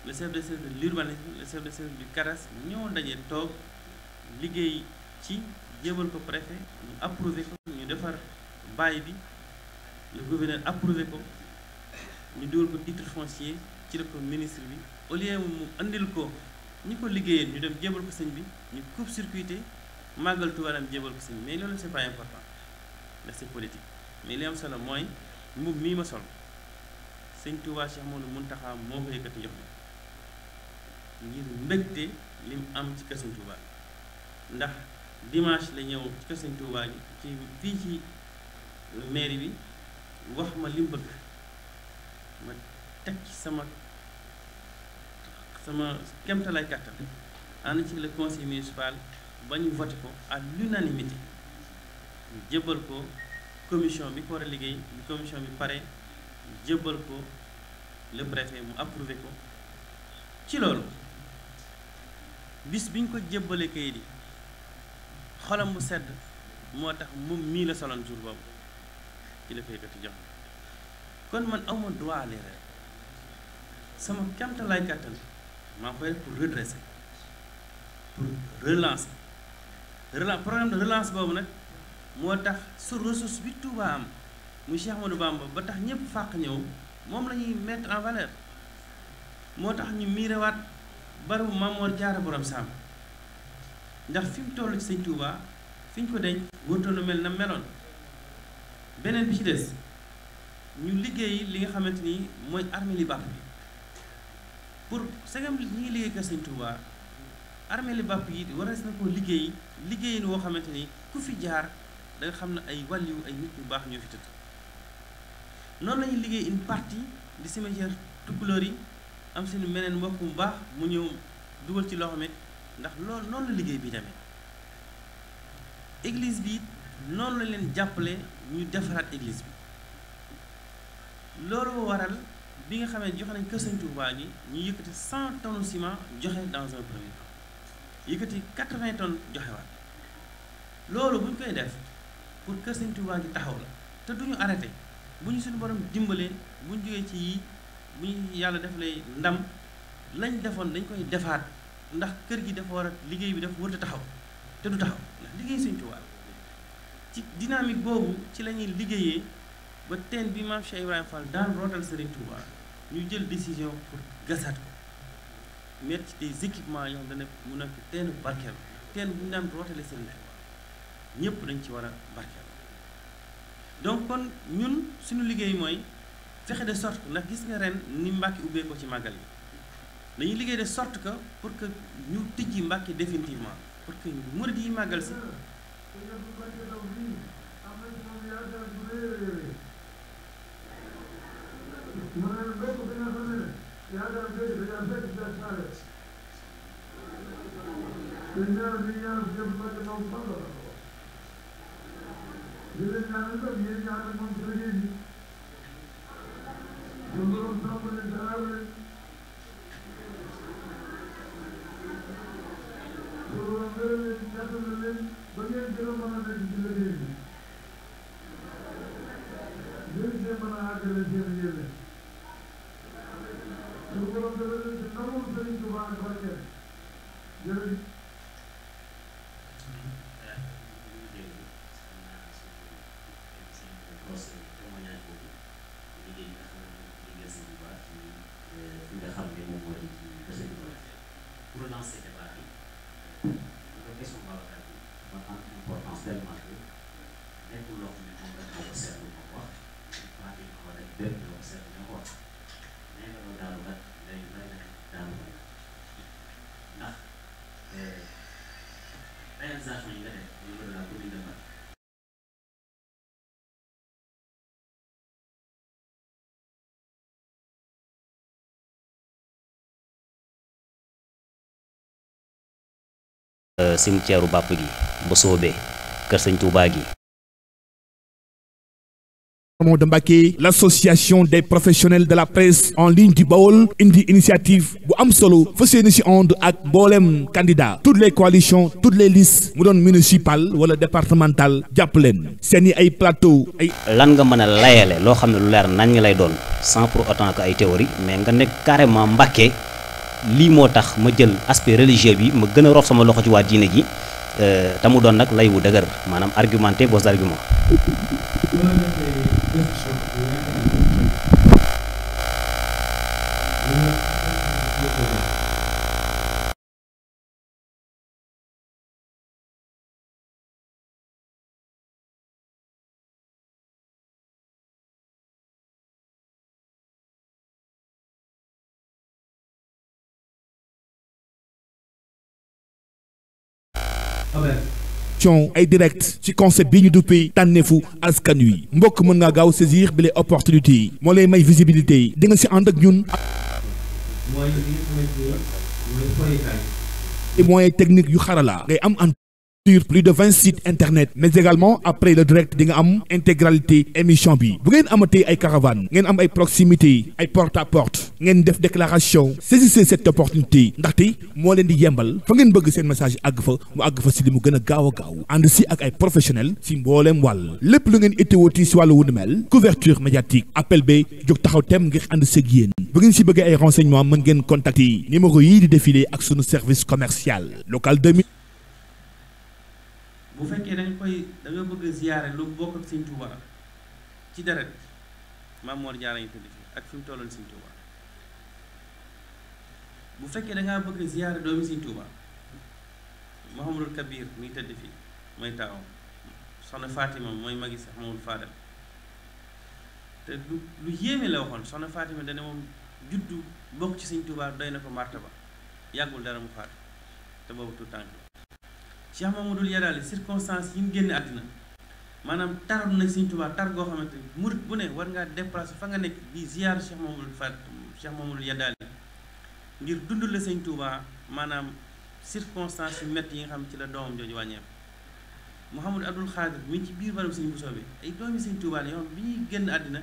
le chef de service de l'urbanisme le chef de service du CARAS ñoo daje toog liggéey ci jébal ko préfet ñu approuvé ko ñu defar bail bi le gouverneur approuvé ko ñu dugal ko titre foncier ci la ko ministre bi au lieu mu andil ko ñi ko liggéeyee ñu dem jébal ko sëñ bi ñu coupe circuité màggal Tuubaa dem jébal ko sëñ bi mais loolu c'est pas important ndax c'est politique mais li am solo mooy mbubb mii ma sol sëñ Tuubaa Cheikh Mouhamadou Mountakha moo ko yëkkati jox ngir mbégte lim am ci kër Sëñ Tuubaa ndax dimanche la ñëw ci kër Sëñ Tuubaa ci fii ci mairie bi wax ma lim bëgg ma teg ci sama sama kemtalaay kàttan ànd ci le conseil municipal ba ñu voté ko ak l'unanimité ñu jébbal ko commission bi ko war a liggéey bi commission bi pare jébbal ko le préfet mu approuvé ko ci loolu bis bi ñu ko jébbale kayit yi xolam bu sedd moo tax moom mii la soloon jour boobu ci la faykati jox kon man awma droit li sama kemtalaay kàttan maa ngi koy def pour redresser pour relancer relance programme de relance boobu nag moo tax su ressource bi Touba am mu Cheikh Ahmadou Bamba ba tax ñëpp fàq ñëw moom la ñuy mettre en valeur moo tax ñu miirewaat barabu Mamoor Jaara borom sàmm ndax fi toll ci sëñ Touba fi ko deñ wërtoonu mel na meloon beneen bi ci des ñu liggéey li nga xamante ni mooy armée li bàpp bi pour segam ñi ngi liggéey ka sëñ Touba armée li bàpp yi warees na ko liggéey liggéeyin woo xamante ni ku fi jaar da xam na ay wàlliwu ay nit ñu baax ñoo fi tëdd noonu lañuy liggéey une partie di cimetière tukulóor yi am suñu meneen mbokk bu baax mu ñëw dugal ci loxoom ndax loolu noonu la liggéey bi demee eglise bi noonu la leen jàppale ñu defaraat église bi loolu waral bi nga xamee joxe nañ kër Sëñ Tuubaa gi ñu yëkkati 100 tonnes ciment joxe dans un premier temps yëkkati 80 joxe waat loolu bu ñu koy def pour kër Sëñ Tuubaa gi taxaw la te du ñu arrêté bu ñu suñu borom dimbalee bu ñu jógee ci yii. bu ñu yàlla def lay ndam lañ defoon dañ koy defaat ndax kër gi dafa war a liggéey bi dafa warut taxaw te du taxaw liggéey Sëñ Tuubaa ci dynamique boobu ci la ñuy liggéeyee ba teen bi maam Cheikh Ibrahima Fall daan rootal Serigne Touba ñu jël décision pour gasat ko mettre ci des équipements yoo xam mu nekk teenu barkeelu teen bu ñu daan rootale Serigne Touba ñëpp dañ ci war a barkeelu donc kon ñun suñu liggéey mooy. fexe de sorte ndax gis nga ren ni Mbàkke ubbee ko ci màggal yi dañuy liggéey de sorte que pour que ñu tijji Mbàkke définitivement pour que murid yi màggal si harcèlement bi nekkul bàpp gi ba soobee kër sëñ Touba gi. moo de Mbacké l'association des professionnels de la presse en ligne du Baol indi initiative bu am solo fa seeni si ond ak mboolem candidat toutes les coalitions toutes les listes mu doon municipal wala départemental jàpp leen seen i ay plateau lan nga mën a layale loo xam ne lu leer nañ nga lay doon sans pour autant que ay théorie mais nga nekk carrément Mbacké lii moo tax ma jël aspect religieux bi ma gën a sama loxo ci waa diine gi Euh, te mu doon nag lay wu dëgër maanaam argumenté vos arguments. émission ay direct ci concept bi ñu duppee tànneefu askan wi mbokk mën ngaa gaaw saisir bi les opportunités moo lay may visibilité yi di nga si ànd ak ñun mooy technique yu xarala ngay am sur plus de vingt sites internet mais également après le direct di nga am intégralité émission bi bu ngeen amatee ay caravane ngeen am ay proximité ay porte à porte ngeen def déclaration saisissez cette opportunité ndaxte moo leen di jembal fa ngeen bëgg seen message àgg fa mu àgg fa si li mu gën gaaw a gaaw ànd si ak ay professionnels si mbooleem wàll lépp lu ngeen ittewooti si wàllu wu ni mel couverture médiatique appel ba jóg taxaw tem ngir ànd seeg yéen si bëggee ay renseignements mën ngeen yii di défilé ak sunu service commercial local 2000 bu fekkee dañ koy da nga bëgg ziyaare lu bokk ak Sëñ ci deret Maam Moor Jaara ñu tudd fi ak fi mu tolloon Sëñ Tuuba bu fekkee da ngaa bëgg ziyaare doomi Sëñ Tuuba Mouhamadul Kabir mi ngi tëdd fi mooy taawam soxna Fatima mooy magi sax moomul Faadal te lu lu yéeme la waxoon soxna Fatima dana moom juddu bokk ci Sëñ Tuuba doy na ko ba yàggul dara mu faatu te boobu tout tànk Cheikh Mamadou Yadaali circonstances yi mu génne àddina maanaam taroon na Sëriñ Tuubaa tar goo xamante ni murit bu ne war ngaa déplacé fa nga nekk di ziar Cheikh Mamadou Fat Cheikh Mamadou Yadaali ngir dundu la Sëriñ Tuubaa maanaam circonstances yu métti yi nga xam ci la doomam jooju wàññeeku Mouhamadou Abdoul Khadir mi ci biir baram Sëriñ Bousso bi ay doomi Sëriñ Tuubaa la yoo bi ñuy génn àddina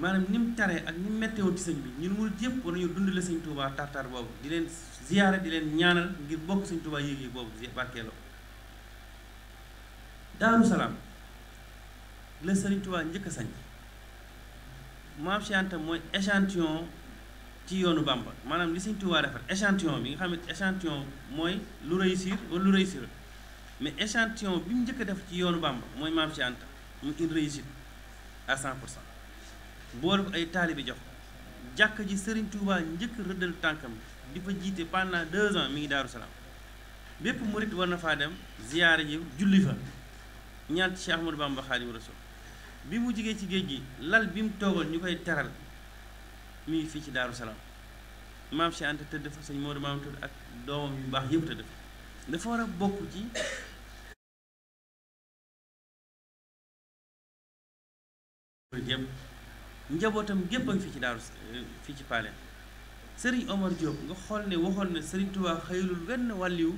maanaam ni mu taree ak ni mu métteewoon sëñ bi ñun murit yëpp war nañu dund la Sëriñ Tuubaa tar boobu di leen ziyaara di leen ñaanal ngir bokk suñ Tuubaa yéeg yi boobu barkeeloo Daaru Salaam la Sëriñ Tuubaa njëkk a sañ Maam Cheikh Anta mooy échantillon ci yoonu Bàmba maanaam li Sëriñ Tuubaa defar échantillon bi nga xam ne mooy lu réussir wala lu réussir mais échantillon bi mu njëkk a def ci yoonu Bàmba mooy Maam Cheikh Anta mu une réussite à 100 pour cent boole ko ay taalibe jox jàkk ji Sëriñ Tuubaa njëkk rëddal tànkam bi di fa jiite pendant deux ans mi ngi daaru salaam bépp murit war na faa dem ziyaara ji julli fa ñaan ci Ahmadou Bamba Xaadimu Rasuul bi mu jigee ci géej gi lal bim mu ñu koy teral mi ngi fii ci daaru salaam maam Cheikh Anta tëdd fa sëñ Modou maam ak doomam yu mbaax yépp tëdd fa dafa war a bokk ci murit yëpp njabootam gépp a ngi fii ci daaru fii ci Paleen sëriñ Omar Diop nga xool ne waxoon na sëriñ Tuubaa xëylul wenn wàlliw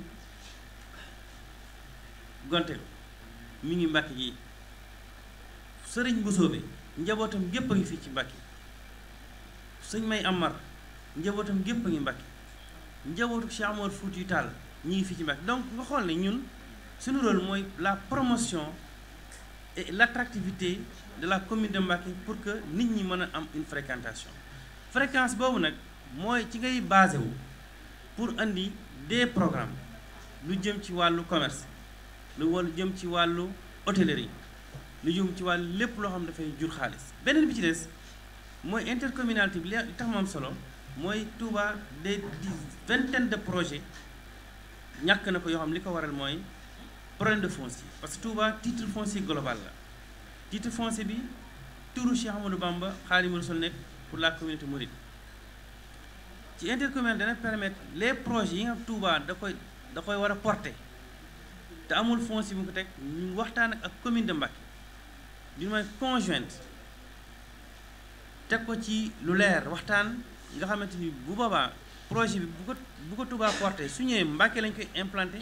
gontelu mi ngi mbàkk yi sëriñ Busoobe njabootam gépp a ngi fii ci mbàkk yi sëñ may Amar njabootam gépp a ngi mbàkk yi njabootu Cheikh Amar Fuuti Taal ñi ngi fii ci mbàkk donc nga xool ne ñun suñu rôle mooy la promotion et l'attractivité de la commune de Mbacké pour que nit ñi mën a am une fréquentation fréquence boobu nag mooy ci ngay basé wu pour indi des programme lu jëm ci wàllu commerce lu wàllu jëm ci wàllu hôtellerie lu jëm ci wàllu lépp loo xam dafay jur xaalis beneen bi ci des mooy intercommunalité bi li tax moom solo mooy Touba des vingtaine de projet ñàkk na ko yoo xam li ko waral mooy problème de foncier parce que Touba titre foncier global la titre foncier bi turu Cheikh Amadou Bamba Khadimou Rassoul nekk pour la communauté mouride ci intercommunal dana permettre les projets yi nga xam da koy da war a porter te amul fonds si mu ko teg ñu waxtaan ak commune de Mbacké d'une manière conjointe teg ko ci lu leer waxtaan nga xamante ni bu boobaa projet bi bu ko bu ko Touba porté su ñëwee Mbacké lañ koy implanté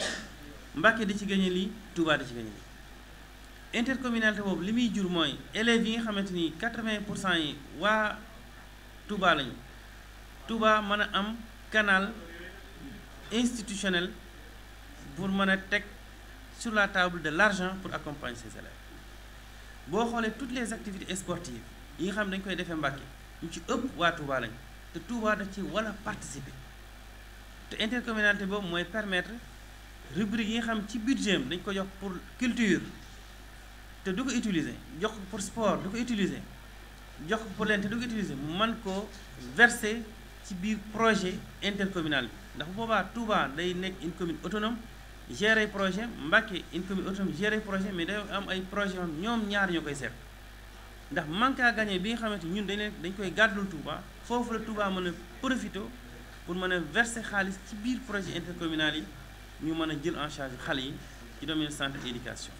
Mbacké di ci gagné lii Touba di ci gagné lii intercommunalité boobu li muy jur mooy élèves yi nga xamante ni 80 pour cent yi waa Touba lañu Touba mën a am canal institutionnel pour mën a teg sur la table de l'argent pour accompagner ses élèves boo xoolee toutes les activités sportives yi nga xam dañ koy defee Mbàkke ñu ci ëpp waa Touba lañ te Touba da ci wala participer te intercommunalité boobu mooy permettre rubrique yi nga xam ci budget dañ ko jox pour culture te du ko utiliser jox ko pour sport du ko utiliser jox ko pour leen te du ko utiliser mu mën koo ci biir projet intercommunal bi ndax boobaa Touba day nekk une commune autonome gérer projet Mbacké une commune autonome gérer projet mais day am ay projet yoo ñoom ñaar ñoo koy seet ndax manque à bi nga xamante ñun dañ leen dañ koy gàddul Touba foofu la Touba mën a profité pour mën a verser xaalis ci biir projet intercommunal yi ñu mën a jël en charge xale yi ci domaine santé éducation.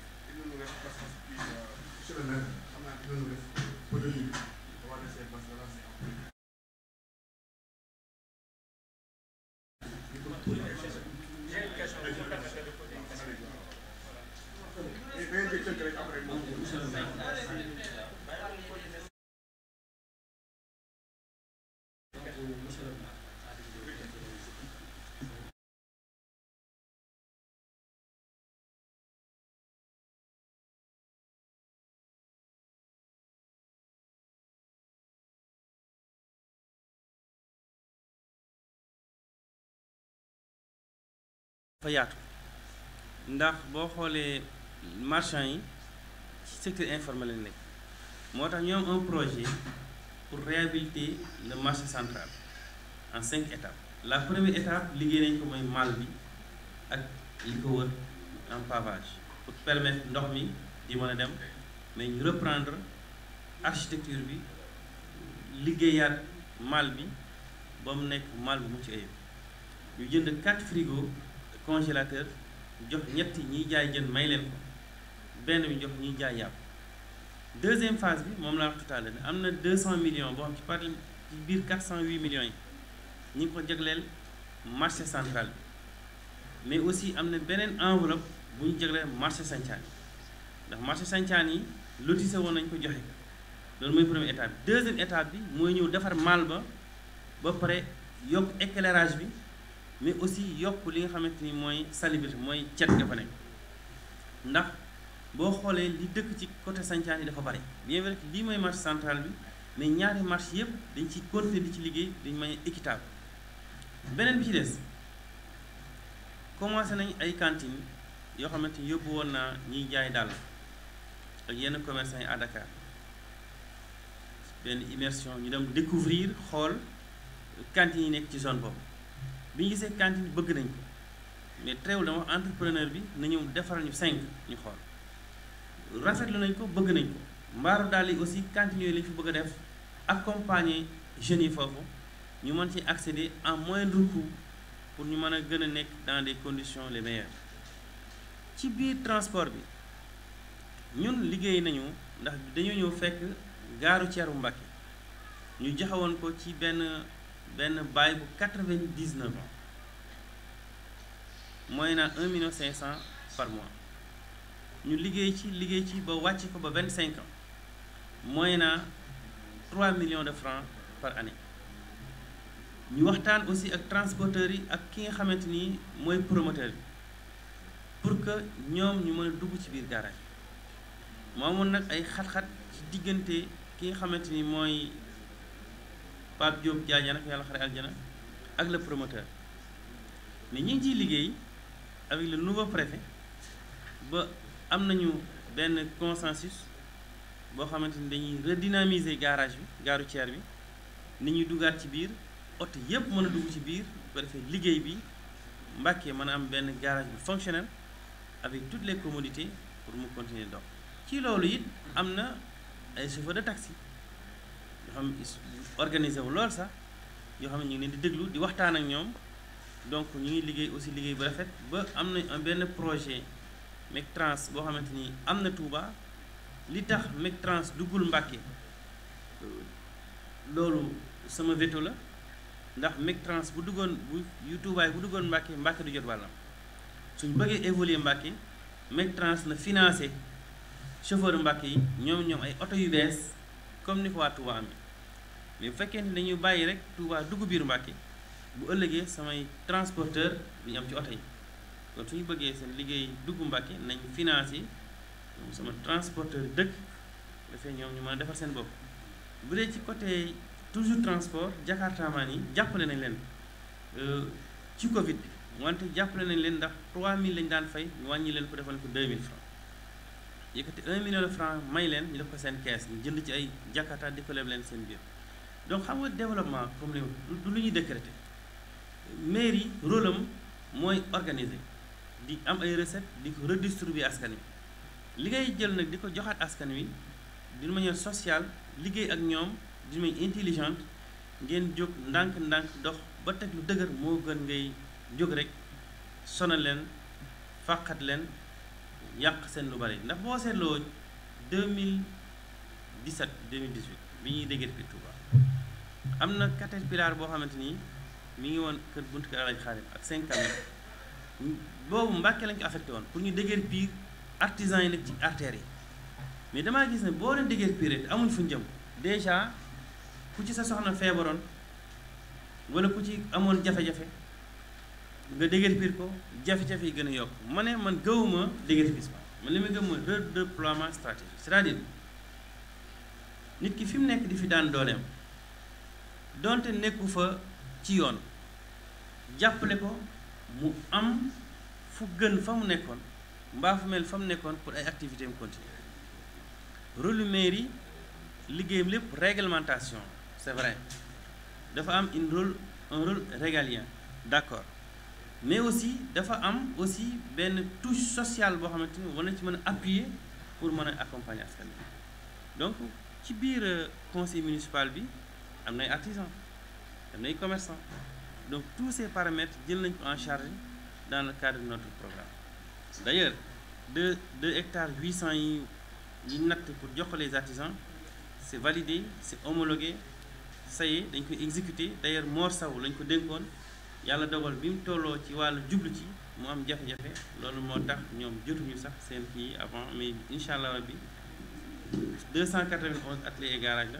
dafa yaatu ndax boo xoolee marchand yi ci secteur informel lañ nekk moo tax ñoom un projet pour réhabiliter le marché central en cinq étapes la première étape liggéey nañ ko mooy mal bi ak li ko wër en pavage pour permettre ndox mi di mën a dem mais ñu reprendre architecture bi liggéeyaat mal bi ba mu nekk mal bu mu ci ayib ñu jënd quatre frigo congélateur jox ñetti ñiy jaay jën may leen ko benn bi jox ñiy jaay yàpp deuxième phase bi moom laa wax tout à am na deux cent million boo xam ci par ci biir 408 millions yi ñu ngi ko jegleel marché central bi mais aussi am na beneen enveloppe bu ñu jagleel marché sancaan yi ndax marché sancaan yi lotissé woon nañ ko joxe loolu mooy première étape deuxième étape bi mooy ñëw defar mal ba ba pare yokk éclairage bi mais aussi yokk li nga xamante ni mooy salubrité mooy cet ga fa nekk ndax boo xoolee li dëkk ci côté Santhiane yi dafa bari bien vrai que lii mooy marché central bi mais ñaari marché yëpp dañ ci continuer di ci liggéey dañ may équitable beneen bi ci des commencé nañ ay cantines yoo xamante ni yóbbu woon naa ñuy jaay dàll ak yenn commerçants yi à Dakar benn immersion ñu dem découvrir xool cantines yi nekk ci zone boobu bi ñu gisee cantine bëgg nañ ko mais teewul dama entrepreneur bi na ñëw defaral ñu 5 ñu xool rafetlu nañ ko bëgg nañ ko mbaaru daal aussi cantine yooyu lañ fi bëgg a def accompagner jeunes yi foofu ñu mën ci accéder en moindre coût pour ñu mën a gën a nekk dans des conditions les meilleures ci biir transport bi ñun liggéey nañu ndax dañoo ñëw fekk gaaru ceeru Mbàkke ñu joxewoon ko ci benn benn baay bu quatre-vingt-dix-neuf ans mooy naa un million cinq cent par mois ñu liggéey ci liggéey ci ba wàcc ko ba vingt-cinq ans mooy naa million de francs par année ñu waxtaan aussi ak transporteurs yi ak ki nga xamante ni mooy promoteur bi pour que ñoom ñu mën a dugg ci biir garage moo amoon nag ay xat-xat ci diggante ki nga xamante ni mooy Pape Diop Diagne nag yàlla xare aljana ak le promoteur mais ñi ngi ciy liggéey avec le nouveau préfet ba am nañu benn consensus boo xamante ni dañuy redynamiser garage bi gaaru ceer bi ni ñuy dugaat ci biir oto yépp mën a dugg ci biir bu ko liggéey bi Mbàkke mën a am benn garage bu fonctionnel avec toutes les commodités pour mu continuer dox ci loolu it am na ay chauffeur de taxi am organisé wu lool sax yoo xam ne ñu ngi leen di déglu di waxtaan ak ñoom donc ñu ngi liggéey aussi liggéey ba rafet ba am na benn projet MECTRANS boo xamante ni am na Touba li tax MECTRANS duggul Mbàkke loolu sama veto la ndax MECTRANS bu duggoon bu yu Touba bu duggoon Mbàkke Mbàkke du jot wàllam suñ bëggee évoluer Mbàkke MECTRANS na financé chauffeur Mbàkke yi ñoom ñoom ay oto yu bees comme ni ko waa Touba amee mais bu fekkee ni dañuy bàyyi rek Touba dugg biir Mbàkke bu ëllëgee samay transporteur duñu am ci oto yi kon suñu bëggee seen liggéey dugg Mbàkke nañ financé sama transporteur dëkk defee ñoom ñu mën a defar seen bopp bu dee ci côté toujours transport jakartaamaan yi jàppale nañ leen euh, ci Covid bi wante jàppale nañ leen ndax 3000 lañ daan fay ñu wàññi leen ko defal ko 2000 francs yëkkati 1 million de francs may leen ñu def seen kees ñu jënd ci ay jakarta di ko leen seen biir donc xam nga développement comme li du lu ñuy décréter mairie rôle am mooy organiser di am ay reset di ko redistribuer askan wi li ngay jël nag di ko joxaat askan wi di manière sociale liggéey ak ñoom d'une manière ngeen jóg ndànk-ndànk dox ba teg lu dëgër moo gën ngay jóg rek sonal leen fàqat leen yàq seen lu bari ndax boo seetloo 2017 2018 bi ñuy dégg depuis Touba am na caterpillar boo xamante ni mi ngi woon kër buntu kër alaaj xaadim ak cinq camions boobu Mbàkke lañ ko affecté woon pour ñu dëgër piir artisan yi nekk ci artères yi mais damaa gis ne boo leen dëgër piir te amuñ fuñ jëm déjà ku ci sa soxna feebaroon wala ku ci amoon jafe-jafe nga dëgër piir ko jafe-jafe yi gën a yokk ma ne man gëwuma dëgër piir ma li ma gëm mooy redéploiement stratégique c'est-à-dire nit ki fi mu nekk di fi daan dooleem donte nekku fa ci yoon jàppale ko mu am fu gën fa mu nekkoon mbaa fu mel fa mu nekkoon pour ay activités mu continuer rôle mairie liggéeyam lépp réglementation c'est vrai dafa am une rôle un rôle régalien d'accord mais aussi dafa am aussi benn touche sociale boo xamante ni ci mën a appuyer pour mën a accompagner askan donc ci biir euh, conseil municipal bi am nay artisans am nay commerçants donc tous ces paramètres jël nañ ko en charge dans le cadre de notre programme d'ailleurs deux deux hectares huit cent yi ñu natt pour jox ko les artisans c'est validé c'est homologué dañ koy exécuté d'ailleurs Mor Sow lañ ko dénkoon yàlla dogal bi mu tolloo ci wàllu jublu ci mu am jafe-jafe loolu moo tax ñoom jotuñu sax seen kii avant mais incha allah bi cent 291 ateliers et garages la.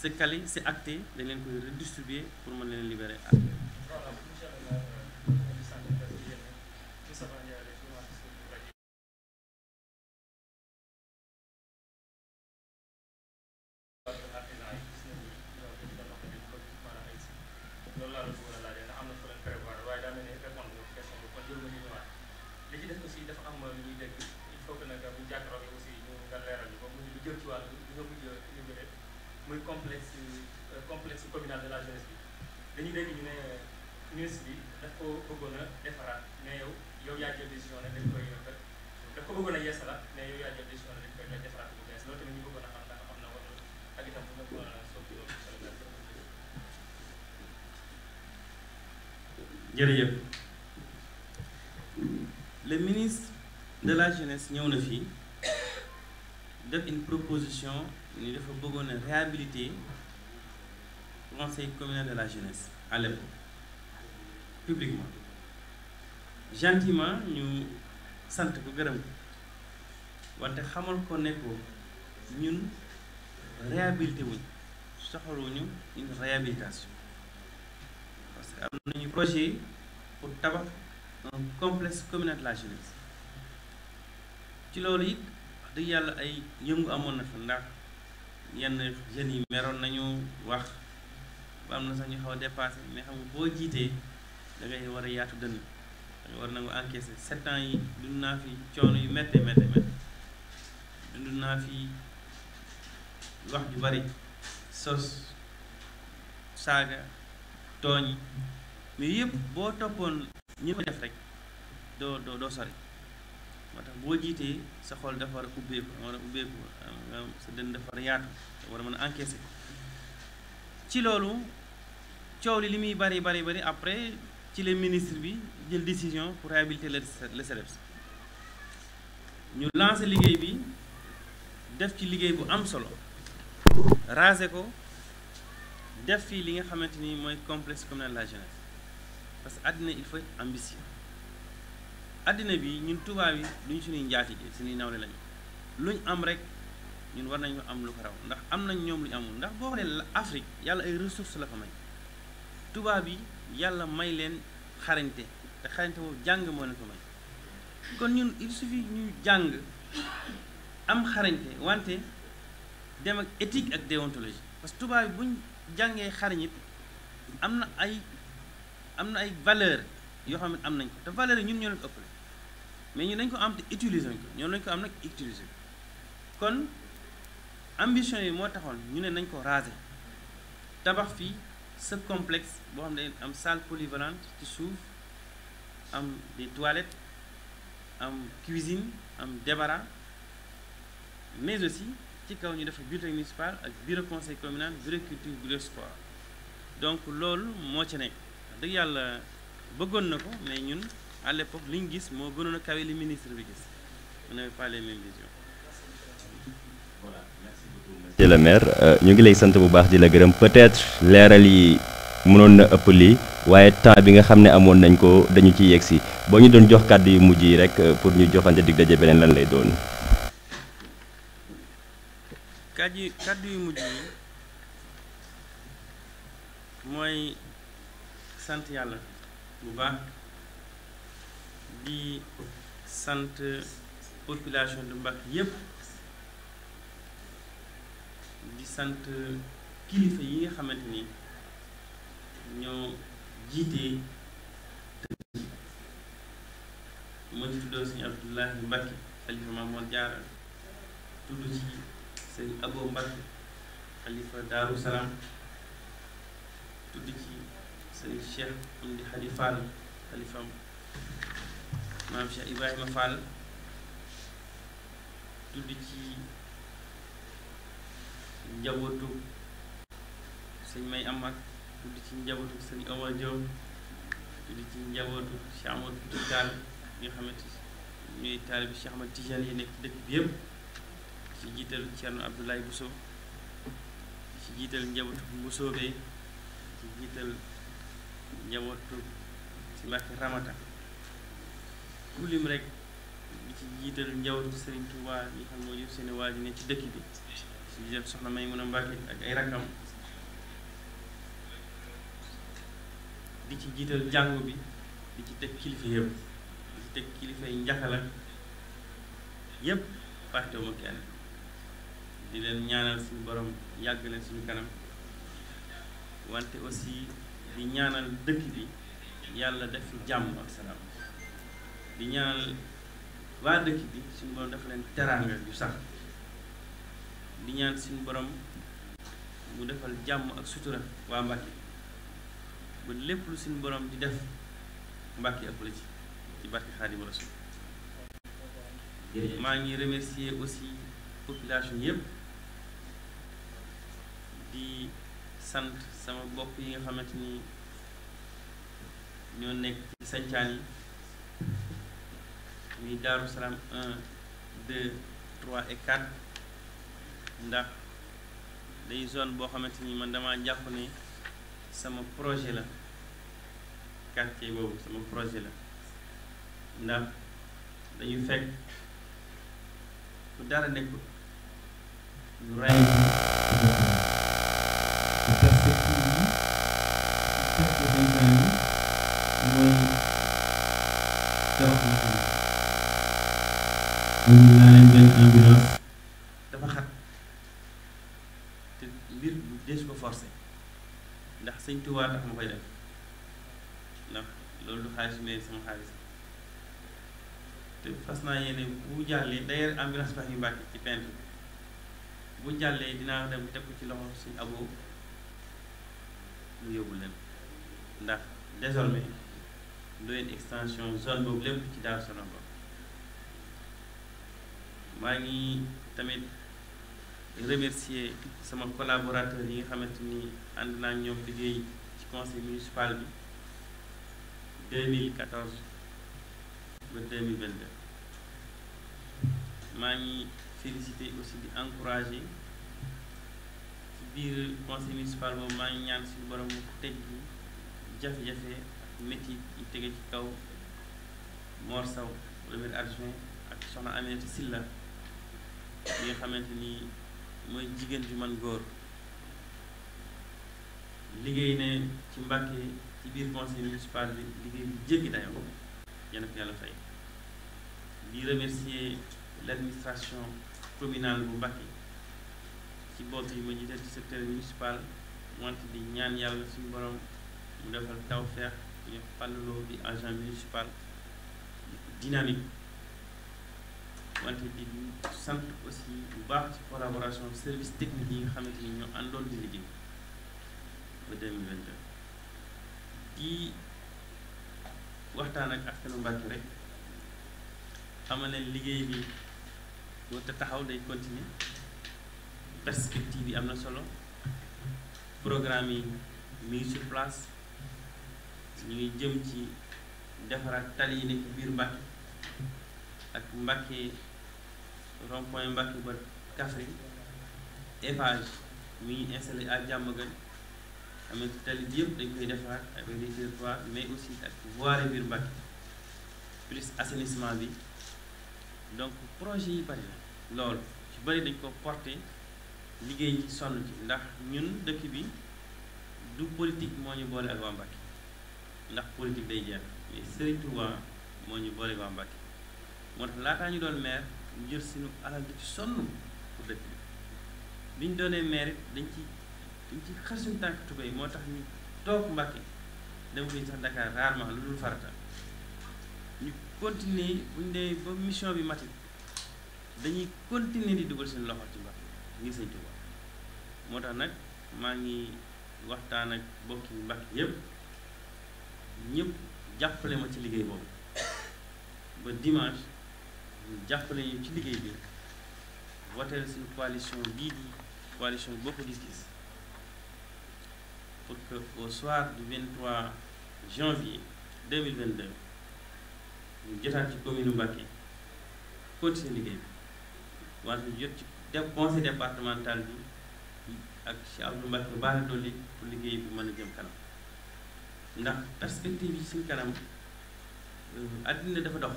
c'est calé c'est acté dañ leen koy redistribuer pour mën leen libérer ak jërëjëf le ministre de la jeunesse ñëw na fii def une proposition ni dafa bëggoon a réhabiliter conseil communal de la jeunesse à l'époque publiquement gentiment ñu sant ko gërëm ko wante xamal ko ne ñun réabilité wuñ soxaluñu une réhabilitation parce que am nañu projet pour tabax un complexe la jeunesse ci loolu it wax dëgg yàlla ay yëngu amoon na fa ndax yenn jeunes yi meroon nañu wax ba am na sax ñu xaw a dépassé mais xam boo jiitee da ngay war a yaatu dënn da nga war a nangu encaissé sept yi dund naa fi coono yu méttee méttee méttee dund naa fi wax ju bari sos saaga tooñ mais yëpp boo toppoon ñi ko def rek doo doo doo sori moo tax boo jiitee sa xol dafa war a ubbeeku war a ubbeeku sa dënn dafa a yaatu war a a encaisser ci loolu coow li li muy bari bari bari après ci les ministre bi jël décision pour réhabiliter le CDEPS e e ñu lancé liggéey bi def ci liggéey bu am solo raser ko def fii li nga xamante ni mooy complexe communal la jeunesse parce que àddina il faut être ambitieux àddina bi ñun tubaab yi duñ suñuy njaatige suñuy nawle lañu ñu am rek ñun war nañu am lu ko raw ndax am nañ ñoom lu amul ndax boo la Afrique yàlla ay ressources la ko may tubaab yi yàlla may leen xarañte te xarañte boobu jàng moo ne ko may kon ñun il suffit ñu jàng am xarañte wante dem ak éthique ak déontologie parce tubaab yi buñ jàngee xarañit am na ay am na ay valeur yoo xam ne am nañ ko te valeur yi ñun ñoo leen ko ëppale mais ñu nañ ko am te utiliser ko ñoom lañ ko am nag utiliser kon ambition yi moo taxoon ñu ne nañ ko raser tabax fii sa complexe boo xam ne am salle polyvalente ci suuf am des toilettes am cuisine am débarras mais aussi ci kaw ñu def bulletin municipal ak bureau conseil communal bureau culture bureau sport donc loolu moo ci nekk dëgg yàlla bëggoon na ko mais ñun à li ñu gis moo gënoon a kawe li ministre bi gis on n'avait pas les mêmes visions. voilà merci beaucoup monsieur le euh, ñu ngi lay sant bu baax di la gërëm peut-être leeral yi mënoon na ëpp lii waaye temps bi nga xam ne amoon nañ ko dañu ci yegg si boo ñu doon jox kàddu yu mujj yi rek euh, pour ñu joxante di daje beneen lañ lay doon. kàddu yu kàddu yu mujj yi mooy sant yàlla bu baax di sant population de Mbacké yépp di sant kilifa yi nga xamante ni ñoo jiite tëdd mën ci tuddoo Sëriñ Abdoulahi Mbacké xalifa Mamour Diarra tudd ci sëñ Abo Mbacke xalifa Daaru tudd ci sëñ Cheikh Amdi Hadi xalifam maam Cheikh Ibrahima Fall tudd ci njabootu sëñ May Amar tudd ci njabootu sëñ Omar tudd ci njabootu Cheikh Amadou Tall ñi nga xamante ñooy taalibi Cheikh Ahmad yi nekk dëkk bi yëpp ci jiital Cerno Abdoulaye Bousso ci jiital njabootu Mbusoobe ci jiital njabootu ci Mbàkke Ramata di ci jiital njabootu Sëriñ Tuubaa yi xam moo jëf seeni waajur ne ci dëkk bi ci jiital soxna Maymuna Mbàkke ak ay rakkam di ci jiital jàngu bi di ci teg kilifa yëpp di ci teg kilifa yi njaxala yëpp fàttewuma kenn di leen ñaanal suñu borom yàgg leen suñu kanam wante aussi di ñaanal dëkk bi yàlla def fi jàmm ak salaam di ñaanal waa dëkk bi suñu borom dafa leen teraanga yu sax di ñaan suñu borom mu defal jàmm ak sutura waa Mbàkke ba lépp lu suñu borom di def Mbàkke ak la ci ci barke Xaadimu Rasuul maa ngi remercier aussi population yëpp di sant sama bokk yi nga xamante ni ñoo nekk ci sancaan yi muy Daaru Salaam 1 ndax day zone boo xamante ni man dama jàpp ne sama projet la quartier boobu sama projet la ndax dañu fekk ku dara nekkul ñu rey ibrahim te mbir deesu ko forcé ndax ndax loolu du xaalis ne sama xaalis te fas naa yéene bu jàllee d'ailleurs ambulance baa ngi Mbàkke ci peintre bu jàllee dinaa dem teg ci loxo suñu abo mu yóbbu leen ndax désormais Ndoyeen extension zone boobu lépp ci Darou Salaam maa ngi tamit remercier sama collaborateur yi nga xamante ni ànd naa ñoom liggéey ci conseil municipal bi 2014 maa ngi féliciter aussi di encourage ci biir conseil municipal boobu maa ngi ñaan si borom mu tëj bi jafe-jafe métti yi tege ci kaw Mor Sow premier adjoint ak soxna Aminata Silla bi nga xamante ni mooy jigéen ju man góor liggéey ne ci Mbàkke ci biir conseil municipal bi liggéey bu jéggi dayoo yal na ko yàlla fay di remercier l'administration communale bu Mbàkke ci bopp yi ma jiite ci secteur municipal wante di ñaan yàlla suñu borom mu defal tawfeex ñu fàlluloo bi agent municipal dynamique wante di sant aussi bu baax ci collaboration service technique yi nga xamante ni ñoo àndoon di liggéey ba 2022 di waxtaan ak askanu Mbàkke rek xamal leen liggéey bi boo te taxaw day continuer perspective yi am na solo programme yi mi ngi sur place ñu ngi jëm ci defaraat tali nekk biir Mbàkke ak Mbàkke rond-point Mbàkke ba Kaffrine Eiffage mi ngi installé à Diamaguène am na tali bi yëpp dañ koy defaraat avec les mais aussi ak voirie biir Mbàkke plus assainissement bi donc projet yi bari na loolu ci bari dañ ko porté liggéey ci sonn ci ndax ñun dëkk bi du politique moo ñu boole ak waa Mbàkke ndax politique day jeex mais Serigne Touba moo ñu boole waa Mbacke moo tax laataa ñu doon maire ñu jël suñu alal di ci sonn pour dëkk bi bi ñu doonee maire it dañ ci dañ ci xar suñu tànk tubéy moo tax ñu toog Mbacke dem fi sax Dakar rarement lu dul farata ñu continuer bu ñu dee ba mission bi matit dañuy continuer di dugal seen loxo ci Mbacke ngir Serigne Touba moo tax nag maa ngi waxtaan ak bokki Mbacke yëpp. ñëpp jàppale ma ci liggéey boobu ba dimanche ñu jàppale ñu ci liggéey bi woteel suñu coalition bii di coalition Bokk Gis Gis pour que au soir du 23 janvier 2022 ñu jotaat ci commune Mbacké continuer liggéey bi wante ñu jot ci conseil départemental bi ak ci Abdou baax Bara Dolly pour liggéey bi mën a jëm kanam ndax perspective yi suñ kanam euh, àddina dafa dox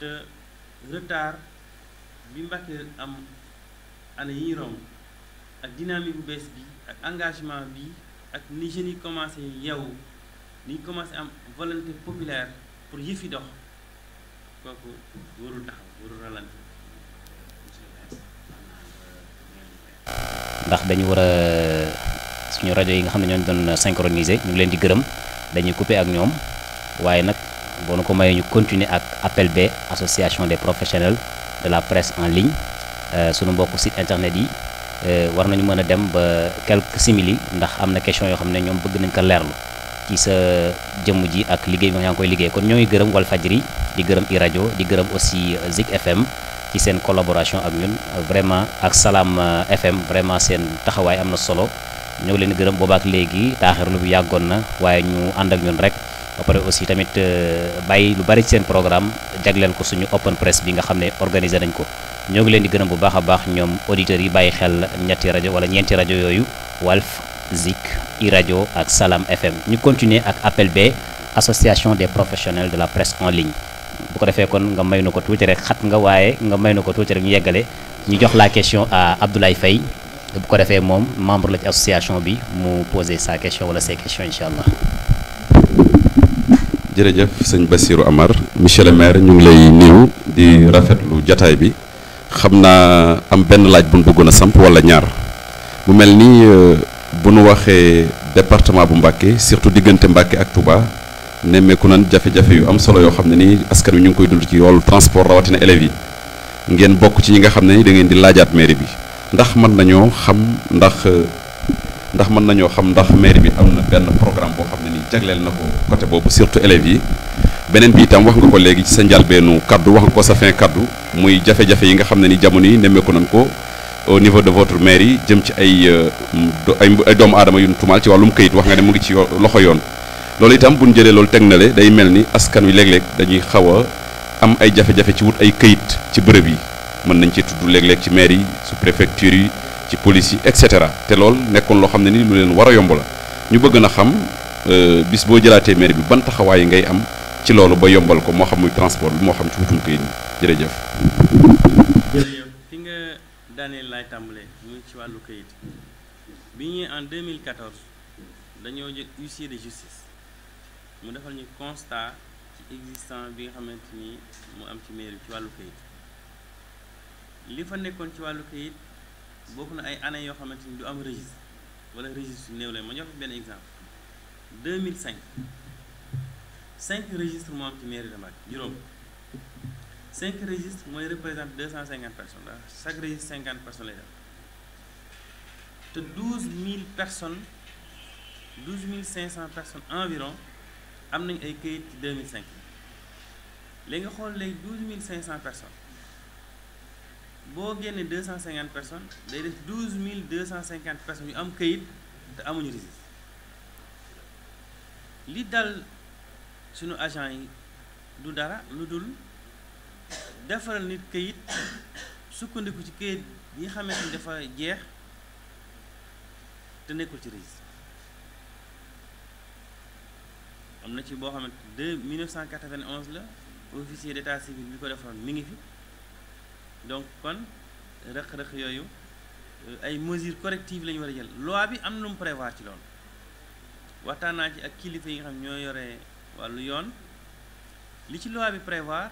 te retard bi Mbàkke am année yi romb ak dynamique bu bees bi ak engagement bi ak ni jeunes yi commencé yeewu ni ñu commencé am volonté populaire pour yëf yi dox kooku warul taxaw warul ralenti ndax dañu war suñu rajo yi nga xam ne ñoo doon synchronisé ñu ngi leen di gërëm dañuy coupé ak ñoom waaye nag boo nu ko mayee ñu continuer ak appel B association des professionnels de la presse en ligne euh, sunu mbokku site internet yi euh, war nañu mën a dem ba quelques simili ndax am na question yoo xam ne ñoom bëgg nañ ko leerlu ci sa jëmm ji ak liggéey bi yaa ngi koy liggéey kon ñoo ngi gërëm Walfadjri di gërëm i rajo di gërëm aussi Zik FM ci seen collaboration ak ñun vraiment ak Salam euh, FM vraiment seen taxawaay am na solo ñoo leen gërëm boobaak léegi taaxirlu bi yàggoon na waaye ñu ànd ak ñun rek ba pare aussi tamit euh, bàyyi lu bari seen programme jagleel ko suñu open press bi nga xam ne organisé nañ ko ñoo ngi leen di gërëm bu baax a baax ñoom auditeurs yi bàyyi xel ñetti rajo wala ñeenti rajo yooyu Walf Zik i rajo ak Salam FM ñu continuer ak appel B association des professionnels de la presse en ligne bu ko defee kon nga may na ko tuuti rek xat nga waaye nga may na ko tuuti rek ñu yeggale ñu jox la question à Abdoulaye Faye bu ko defee moom membre la ci association bi mu poser sa question wala ses questions incha allah. jërëjëf sëñ Bassirou Amar monsieur le maire ñu ngi lay nuyu di rafetlu jataay bi xam naa am benn laaj bu nu bëggoon samp wala ñaar mu mel ni euh, bu nu waxee département bu Mbacké surtout diggante Mbacké ak Touba nemmeeku nan jafe-jafe yu am solo yoo xam ne ni askan wi ñu ngi koy dund ci wàllu transport rawatina élèves yi ngeen bokk ci ñi nga xam ne ni da di laajaat mairie bi. ndax mën nañoo xam ndax ndax mën nañoo xam ndax mairie bi am na benn programme boo xam ne nii jagleel na ko côté boobu surtout élèves yi beneen bi itam wax nga ko léegi ci sa njalbeenu kaddu wax nga ko sa fin kaddu muy jafe-jafe yi nga xam ne ni jamono yi nemmeeku nañ ko au niveau de votre mairie jëm ci euh, ay ay doomu aadama yu nu tumaal ci wàllum këyit wax nga ne mu ngi ci loxo yoon loolu itam bu jëlee loolu teg na le day mel ni askan wi léeg-léeg dañuy xaw a am ay jafe-jafe ci wut ay këyit ci bërëb yi mën nañ ci tudd léeg-léeg ci maire yi su yi ci police yi et cetera te loolu nekkoon loo xam ne ni lu leen war a yomb la ñu bëgg na xam euh, bis boo jëlaatee maire bi ban taxawaay ngay am ci loolu ba yombal ko moo xam muy transport bi moo xam ci wutum kayit bi jërëjëf. jërëjëf nga daaneel laay tàmbalee ci wàllu kayit bi ñuy en 2014 dañoo jël huissier de justice mu defal ñu constat ci bi nga xamante ni mu am wàllu kayit. li fa nekkoon ci wàllu kayit bokk na ay années yoo xamante ni du am registre wala registre su néew la ma jox benn exemple mille cinq registres moo am ci mairie de Mbacké juróom cinq registres mooy représente 250 personnes waaw chaque registre 50 personnes lay def te mille personnes 12500 personnes environ am nañ ay kayit ci 2005 léegi nga xool mille cinq 12500 personnes. boo génnee deux cent cinquante personnes day def douze mille deux cent cinquante personnes yu am këyit te amuñu registre li dal suñu agent yi du dara lu dul defaral nit këyit sukkandiku ci këyit yi xamante ni dafa jeex te nekkul ci registre am na ci boo xamante de 1991 la officier d'état civil bi ko defaroon mi ngi fi donc kon rëq-rëq yooyu euh, ay mesures correctives la ñu war a jël loi bi am lu mu prévoir ci loolu waxtaan naa ci ak kilifa yi nga xam ñoo yore wàllu yoon li ci loi bi prévoir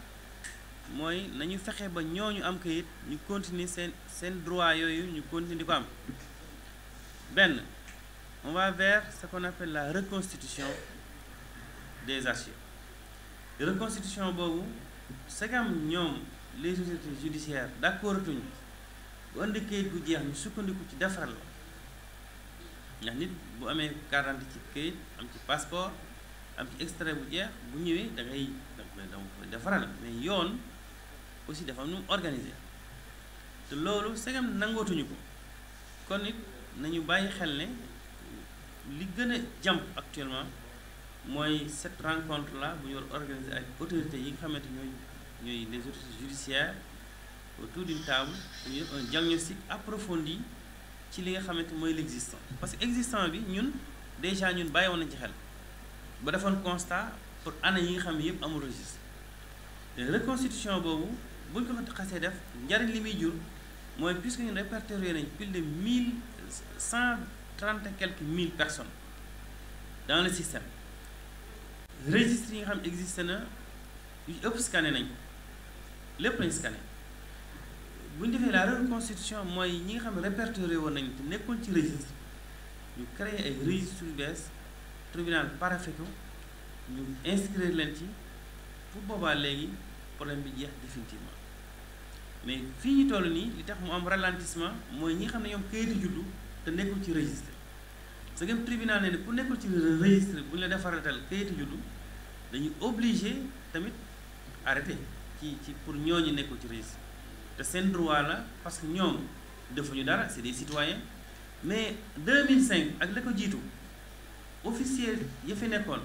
mooy nañu fexe ba ñu am kayit ñu continuer seen seen droit yooyu ñu continuer di ko am benn on va vers ce qu'on appelle la reconstitution des archives reconstitution boobu segam ñoom les autorités judiciaires d'accord tuñ bu andi kayit bu jeex ñu sukkandiku ci defaral la ndax nit bu amee carte ci kayit am ci passeport am ci extrait bu jeex bu ñëwee da ngay da defaral may yoon aussi dafa am nu mu organisé te loolu segam nangootuñu ko kon nit nañu bàyyi xel ne li gën a jàmp actuellement mooy cette rencontre la bu ñu war organiser ak autorité yi nga xamante ñooy les autorités judiciaires autour d'une table ñu def un diagnostic approfondi ci li nga xamante mooy l'existant parce que existant bi ñun déjà ñun bàyyi woon nañ ci xel ba defoon constat pour année yi nga xam ne yëpp amul registre te reconstitution boobu buñ ko fa xasee def njariñ li muy jur mooy puisque ñun répertorié nañ plus de mille cent trente et mille personnes dans le système registre yi nga xam ne existé na yu ëpp scanné nañ lépp lañ scanné bu ñu defee la reconstitution mooy ñi nga xam ne répertorié woon nañu te nekkoon ci registre ñu créé ay registre yu bees tribunal parafé ñu inscrire leen ci pour boobaa léegi problème bi jeex définitivement mais fii ñu toll nii li tax mu am ralentissement mooy ñi xam ne ñoom kayitu juddu te nekkul ci registre sa gëm tribunal ne ne ku nekkul ci registre bu ñu la defaratal kayitu juddu dañuy obligé tamit arrêté ci ci pour ñooñu nekkul ci registre te seen droit la parce que ñoom defuñu dara c'est des citoyens mais 2005 ak la ko jiitu officier ya fi nekkoon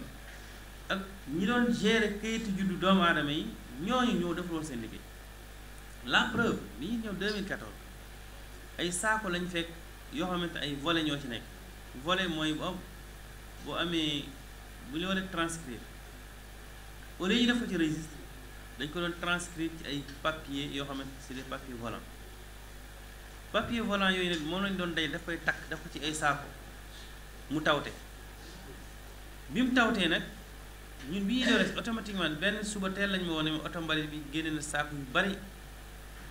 ak ñi doon gérer kayitu juddu doomu aadama yi ñoo ñooñu ñoo defuloon seen liggéey la preuve li ñuy ñëw 2014 ay saako lañ fekk yoo xamante ay vole ñoo ci nekk vole mooy bu am bu amee bu ñu war a transcrire au def ko ci registre. dañ ko doon transcrire ci ay papier yoo xamante si des papiers volants papier volant yooyu nag moom lañ doon day daf koy takk daf ko ci ay saako mu tawte bi mu tawtee nag ñun bi ñuy doole automatiquement benn suba teel lañ ma woon ne ma oto mbalit bi génne na saako yu bari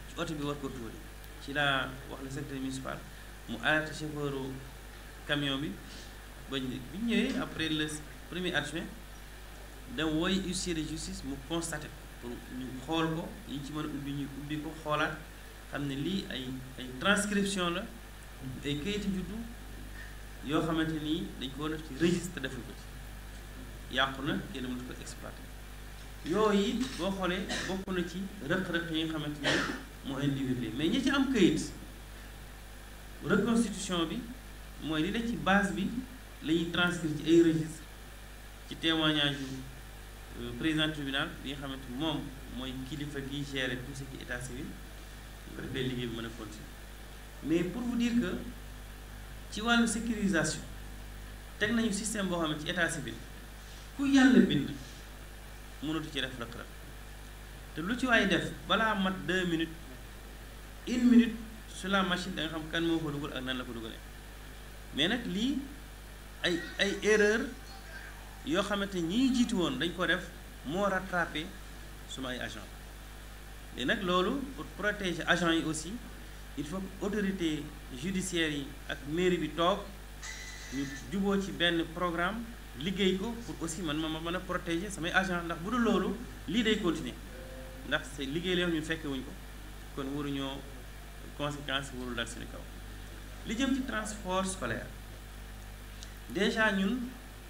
ci oto bi war ko tuuri ci laa wax le secrétaire municipal mu arrêté chauffeur camion bi bañ bi ñëwee après le premier adjoint dem wooy huissier de justice mu constaté ñu xool ko liñ ci mën ubbi ñu ubbi ko xoolaat xam ne lii ay ay transcription la ay kayitu juddu yoo xamante nii dañ koo def ci registre defuñ ko ci yàqu na kenn mënut ko exploité yooyu boo xoolee bokk na ci rëq-rëq yi nga xamante ni moo individuel mais ñi ci am kayit reconstitution bi mooy li ci base bi la ñuy ci ay registre ci témoignage yu président tribunal bi nga xamante moom mooy kilifa gi gérer tout ce defee liggéey bi mën a continuer mais pour bu dire que ci wàllu sécurisation teg nañu système boo xam ne ci état civil ku yàlla bind mënatu ci def rëq-rëq te lu ci waay def balaa mat deux minute une minute sur la machine da nga xam kan moo ko dugal ak nan la ko dugalee mais nag lii ay ay erreur yoo xamante ni ñi jiitu woon dañ ko def moo rattrapé suma ay agent et nag loolu pour protéger agent yi aussi il faut que autorité judiciaire yi ak mairie bi toog ñu juboo ci benn programme liggéey ko pour aussi man ma mën a protéger samay agent ndax bu dul loolu lii day continuer ndax c'est liggéey la ñu fekke wuñ ko kon waruñoo conséquence warul dal suñu kaw li jëm ci transport scolaire déjà ñun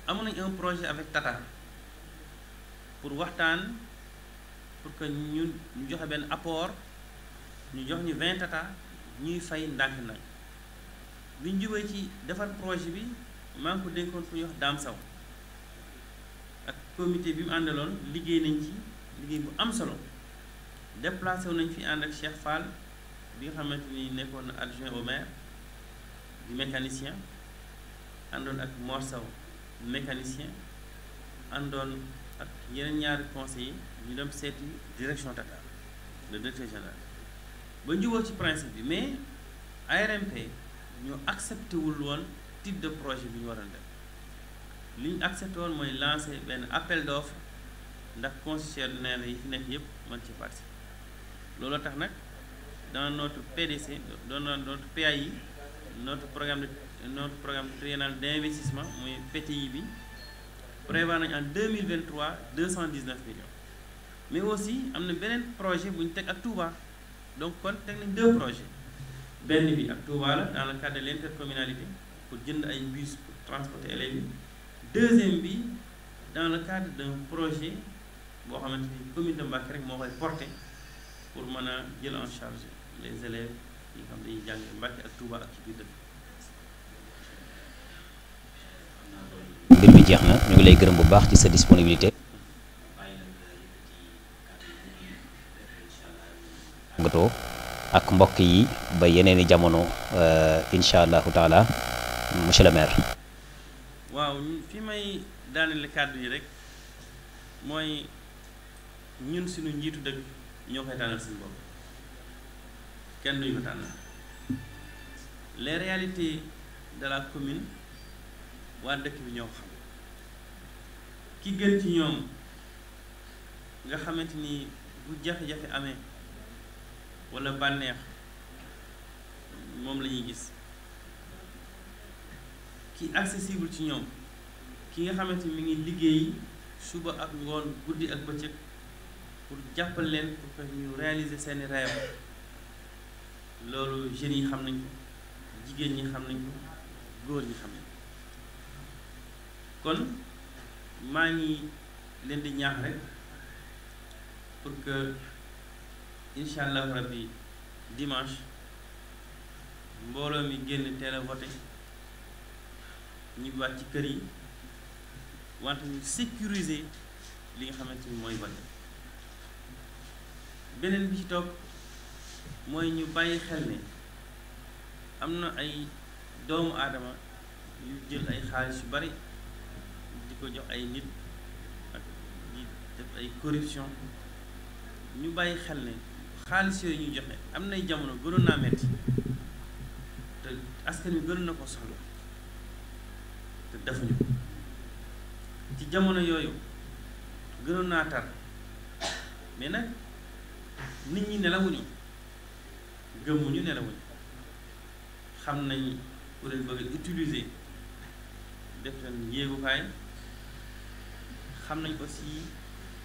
amoon nañ un projet avec Tata pour waxtaan pour que ñu ñu joxe benn apport ñu jox ñu 20 Tata ñuy fay ndànk nag bi ñu ci defar projet bi maa ko dénkoon fu ñuy wax Daam Saw ak comité bi àndaloon liggéey nañ ci liggéey bu am solo déplacé wu nañ fi ànd ak Cheikh Fall bi nga xamante ni nekkoon na adjoint au maire mécanisien mécanicien àndoon ak Mor mécanicien àndoon ak yeneen ñaari conseillers ñu dem seeti direction Dakar le directeur général ba njuboo ci principe bi mais ARMP ñoo accepté wul woon type de projet bi ñu waroon def li ñu accepté woon mooy lancer benn appel d'offre ndax concessionnaire yi fi nekk yëpp mën ci participer looloo tax nag dans notre PDC dans notre PAI notre programme de notre programme triennal d'investissement mooy PTI bi prévoir nañu en 2023 219 mais aussi am na beneen projet bu ñu teg ak Touba donc kon teg nañ deux projet benn bi ak Touba la dans le cadre de l'intercommunalité pour jënd ay bus pour transporter élèves yi deuxième bi dans le cadre d'un projet boo xamante ni commune de Mbacké rek moo koy porter pour mën a jël en charge les élèves yi xam xam dañuy jàng Mbacké ak Touba ak ci biir dëkk mbir mi jeex na ñu ngi lay gërëm bu baax ci sa disponibilité tàggatoo ak mbokk yi ba yeneen i jamono euh, incha allahu taala monsieur le maire waaw fi may daanele kàddu yi rek mooy ñun suñu njiitu dëkk ñoo koy tànnal suñu bopp kenn duñu commune waa dëkk bi ñoo xam ki gën ci ñoom nga xamante ni bu jafe-jafe amee walla bànneex moom la ñuy gis ki accessible ci ñoom ki nga xamante ni mi ngi liggéey suba ak ngoon guddi ak bëccëg pour jàppal leen pour que ñu réaliser seeni rêve loolu jeunes yi xam nañ ko jigéen ñi xam nañ ko góor ñi xam nañ kon maa ngi leen di ñaax rekk pour que incha allah rabbi dimanche mbooloo mi génn teel a voté ñu wàcc ci kër yi wante ñu sécuriser li nga xamante ni mooy vote beneen bi ci toog mooy ñu bàyyi xel ne am na ay doomu aadama yu jël ay xaalis yu bari ko jox ay nit ak di def ay corruption ñu bàyyi xel ne xaalis yooyu ñu joxe am nay jamono gënoon naa metti te askan wi na ko soxla te defuñu ko ci jamono yooyu gënoon naa mais nag nit ñi nelawuñu gëmmuñu nelawuñu xam nañ ku leen bëgg utiliser def leen yéegukaay xam nañ aussi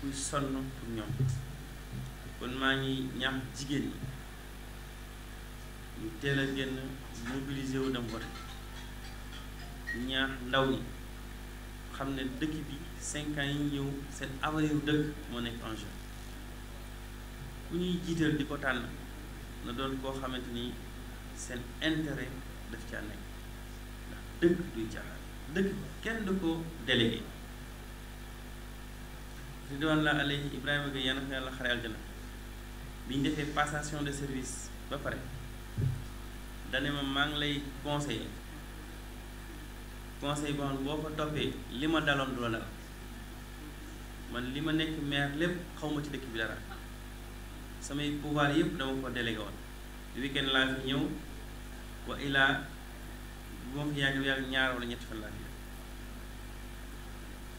kuy sonn pour ñoom kon maa ngi ñaax jigéen ñi ñu teel a génn mobiliser wu dem vote ñaax ndaw ñi xam ne dëkk bi cinq ans yi ñëw seen avenir dëkk moo nekk en ku ñuy jiital di ko tànn na doon koo xamante ni seen intérêt daf caa nekk ndax dëkk duy caaxaan dëkk kenn du ko délégué ridwanullah alayhi Ibrahima Gueye yal na ko yàlla xare aljana bi ñu defee passation de service ba pare dane ma maa ngi lay conseiller conseil boo xam boo ko toppee li ma daloon du la dal man li ma nekk maire lépp xaw ma ci dëkk bi dara samay pouvoir yëpp dama ko délégué woon weekend laa fi ñëw wa ilaa bu ma fi yàgg yàgg ñaar wala ñetti fan laa fi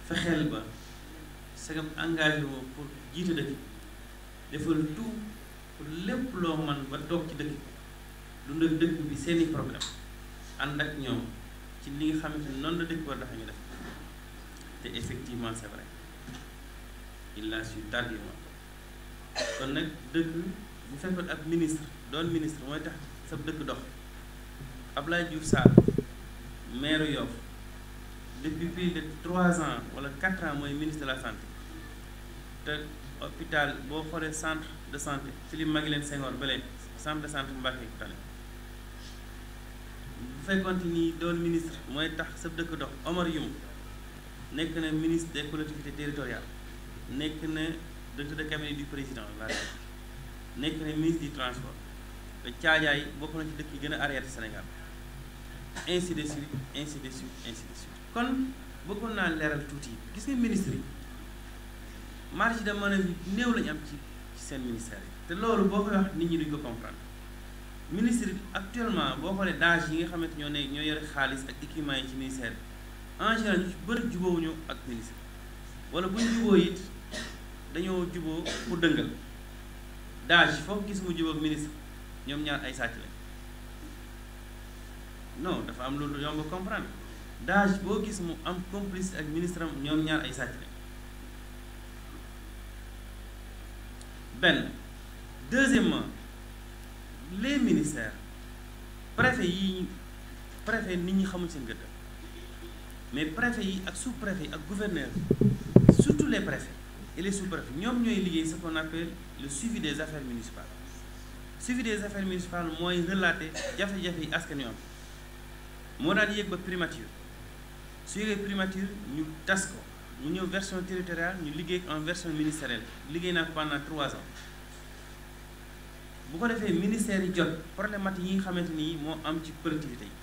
fexeel ba sagam engagé woo pour jiite dëkk defal tout pour lépp loo man ba toog ci dëkk dundal dëkk bi seeni problème ànd ak ñoom ci li nga xamante ni noonu la dëkk war dafa ñu def te effectivement c'est vrai il l'a kon nag dëkk bu fekkoon ak ministre doon ministre mooy tax sa dëkk dox Ablaye Diouf Sarr maire Yoff depuis plus de trois ans wala quatre ans mooy ministre la santé te hôpital boo xoolee centre de santé Philippe Maguilène Senghor beleen centre de santé bu Mbacké tane bu nii doon ministre mooy tax sa dëkk dox Omar Youm nekk na ministre des collectivités territoriales nekk na dëkk de cabinet du président la nekk na ministre du transport te caajaay bokk na ci dëkk yi gën a arrière Sénégal ainsi de suite ainsi de suite ainsi suite kon bëggoon naa leeral tuuti yi gis nga ministre yi marge de manœuvre yu néew lañu am ci ci seen ministère yi te loolu boo koy wax nit ñi duñ ko comprendre ministre yi actuellement boo xoolee DAGE yi nga xamante ñoo ne ñoo yore xaalis ak équipement yi ci ministère bi en général ñu ci bëri ak ministre wala buñ jubóo it dañoo jubóo pour dëngal DAGE foog gis mu jubóo ministre ñoom ñaar ay sàcc lañ non dafa am loolu yomb comprendre DAGE boo gis mu am complice ak ministre am ñoom ñaar ay sàcc lañ benn deuxièmement les ministères préfet yi préfet ni ñu xamul seen gëdd mais préfet yi ak sous-préfet yi ak gouverneur surtout les préfets et les sous-préfets ñoom ñooy liggéey ce qu'on appelle le suivi des affaires municipales suivi des affaires municipales mooy relater jafe-jafe yi askan wi am moo daan yéeg ba primature su yéegee primature ñu tas ko mu ñëw version territoriale ñu liggéey en version ministérielle liggéey naa ko pendant trois ans bu ko defee ministère yi jot problématique yi nga xamante nii moo am ci collectivité yi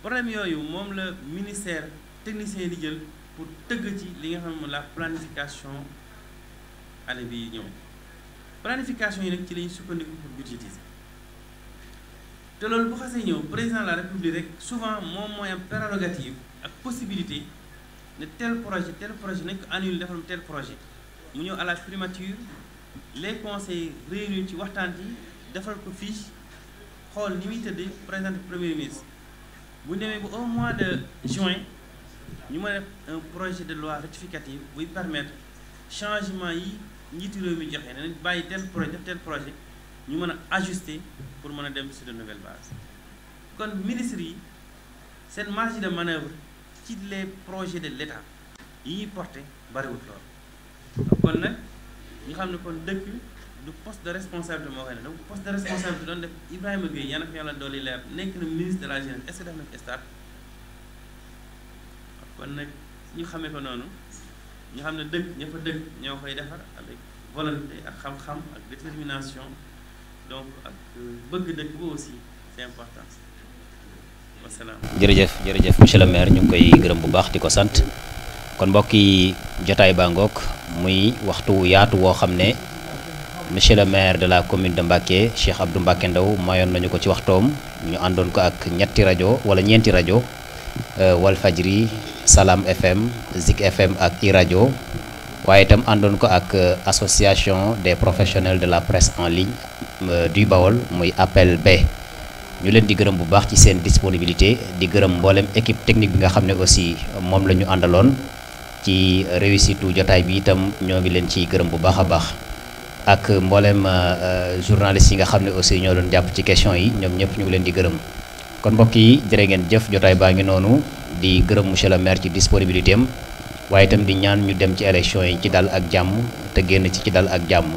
problème yooyu moom la ministère technicien di jël pour tëgg ci li nga xam ne la planification année bi ñëw planification yi nag ci lañu sukkandiku pour budgétiser te loolu bu xasee ñëw président de la république rek souvent moom mooy am prérogative ak possibilité ne tel projet tel projet nañ ko annulé defal tel projet mu ñëw à la primature les conseils ci waxtaan ci defal ko fii xool ni muy tëddee présenté premier ministre bu ñu demee ba au mois de juin ñu mën a def projet de loi rectificative buy permettre changement yi njiitu réew mi joxe nañ bàyyi tel projet def tel projet ñu mën a ajuster pour mën a dem sur de nouvelles bases kon ministre yi seen marge de manœuvre ci les projets de l'État yi ñuy porté bariwul lool kon nag ñu xam ne kon dëkk du poste de responsabilité moo koy ne donc poste de responsabilité doon def Ibrahima Gueye yal na ko yàlla dolli leer nekk na ministre de la jeunesse est-ce que def na kon nag ñu xamee ko noonu ñu xam ne dëkk ña fa dëkk ñoo koy defar avec volonté ak xam-xam ak détermination donc ak euh, bëgg dëkk ba aussi c'est important jërëjëf jërëjëf monsieur le maire ñu ngi koy gërëm bu baax di ko sant kon mbokk yi jotaay bàngook muy waxtu yaatu woo xam ne monsieur le maire de la commune de Mbacké Cheikh Abdou Mbacké Ndao mayoon nañu ko ci waxtoom ñu àndoon ko ak ñetti rajo wala ñeenti rajo euh, Walfajri Salam FM Zik FM ak i rajo waaye itam àndoon ko ak euh, association des professionnel de la presse en ligne euh, du Bawol muy appel B ñu leen di gërëm bu baax ci seen disponibilité di gërëm mboolem équipe technique bi nga xam ne aussi moom la ñu àndaloon ci réussite jotaay bi itam ñoo ngi leen ci gërëm bu baax a baax ak mboolem euh, euh, journaliste yi nga xam ne aussi ñoo doon jàpp ci question yi ñoom ñëpp ñu ngi leen di gërëm kon mbokk yi jëre ngeen jëf jotaay baa ngi noonu di gërëm monsieur le maire ci disponibilité am waaye itam di ñaan ñu dem ci élection yi ci dal ak jàmm te génn ci ci dal ak jàmm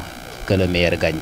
que le meilleur gagne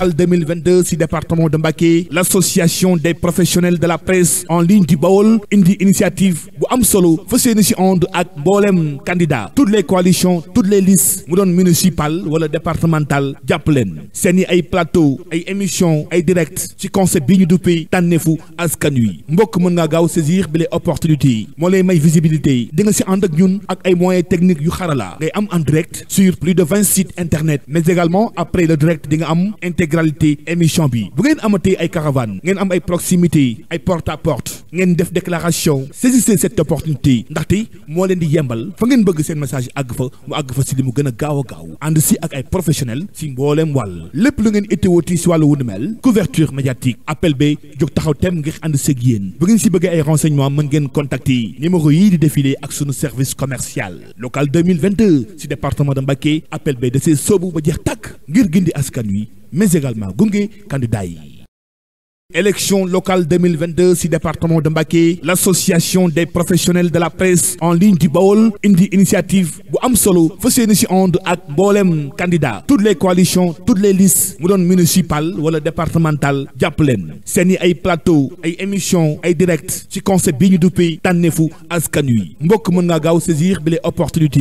Magal 2022 ci département de Mbacké l'association des professionnels de la presse en ligne du Baol indi initiative bu am solo fa seeni ci ànd ak mboolem candidat toutes les coalitions toutes les listes mu doon municipal wala départemental jàpp leen seeni ay plateau ay émissions ay direct ci concept bi ñu duppee tànneefu askan wi mbokk mën ngaa gaaw saisir bi les opportunités moo lay may visibilité di nga ci ànd ak ñun ak ay moyens techniques yu xarala ngay am en direct sur plus de vingt sites internet mais également après di nga am intégration intégralité émission bi bu ngeen amatee ay caravane ngeen am ay proximité ay porte à porte ngeen def déclaration saisissez cette opportunité ndaxte moo leen di yembal fa ngeen bëgg seen message àgg fa mu àgg fa si li mu gën a gaaw a gaaw ànd si ak ay professionnels si mbooleem wàll lépp lu ngeen itteewooti si wàllu wunu mel couverture médiatique appel ba jóg taxaw tem ngir ànd seeg yéen bu ngeen si bëggee ay renseignements mën ngeen contacter numéro yii di défilé ak sunu service commercial local 2022 si département de Mbacké appel ba da see soobu ba jeex tàkk ngir gindi askan wi mais également gunge candidat yi. élection locale 2022 ci département de Mbacké l'association des professionnels de la presse en ligne du Baol indi initiative bu am solo fas yéene ci ànd ak mboolem candidat toutes les coalitions toutes les listes mu doon municipal wala départemental jàpp leen seeni ay plateau ay émissions ay direct ci concept bi ñu duppee tànneefu askan wi mbokk mën ngaa gaaw saisir bi les opportunités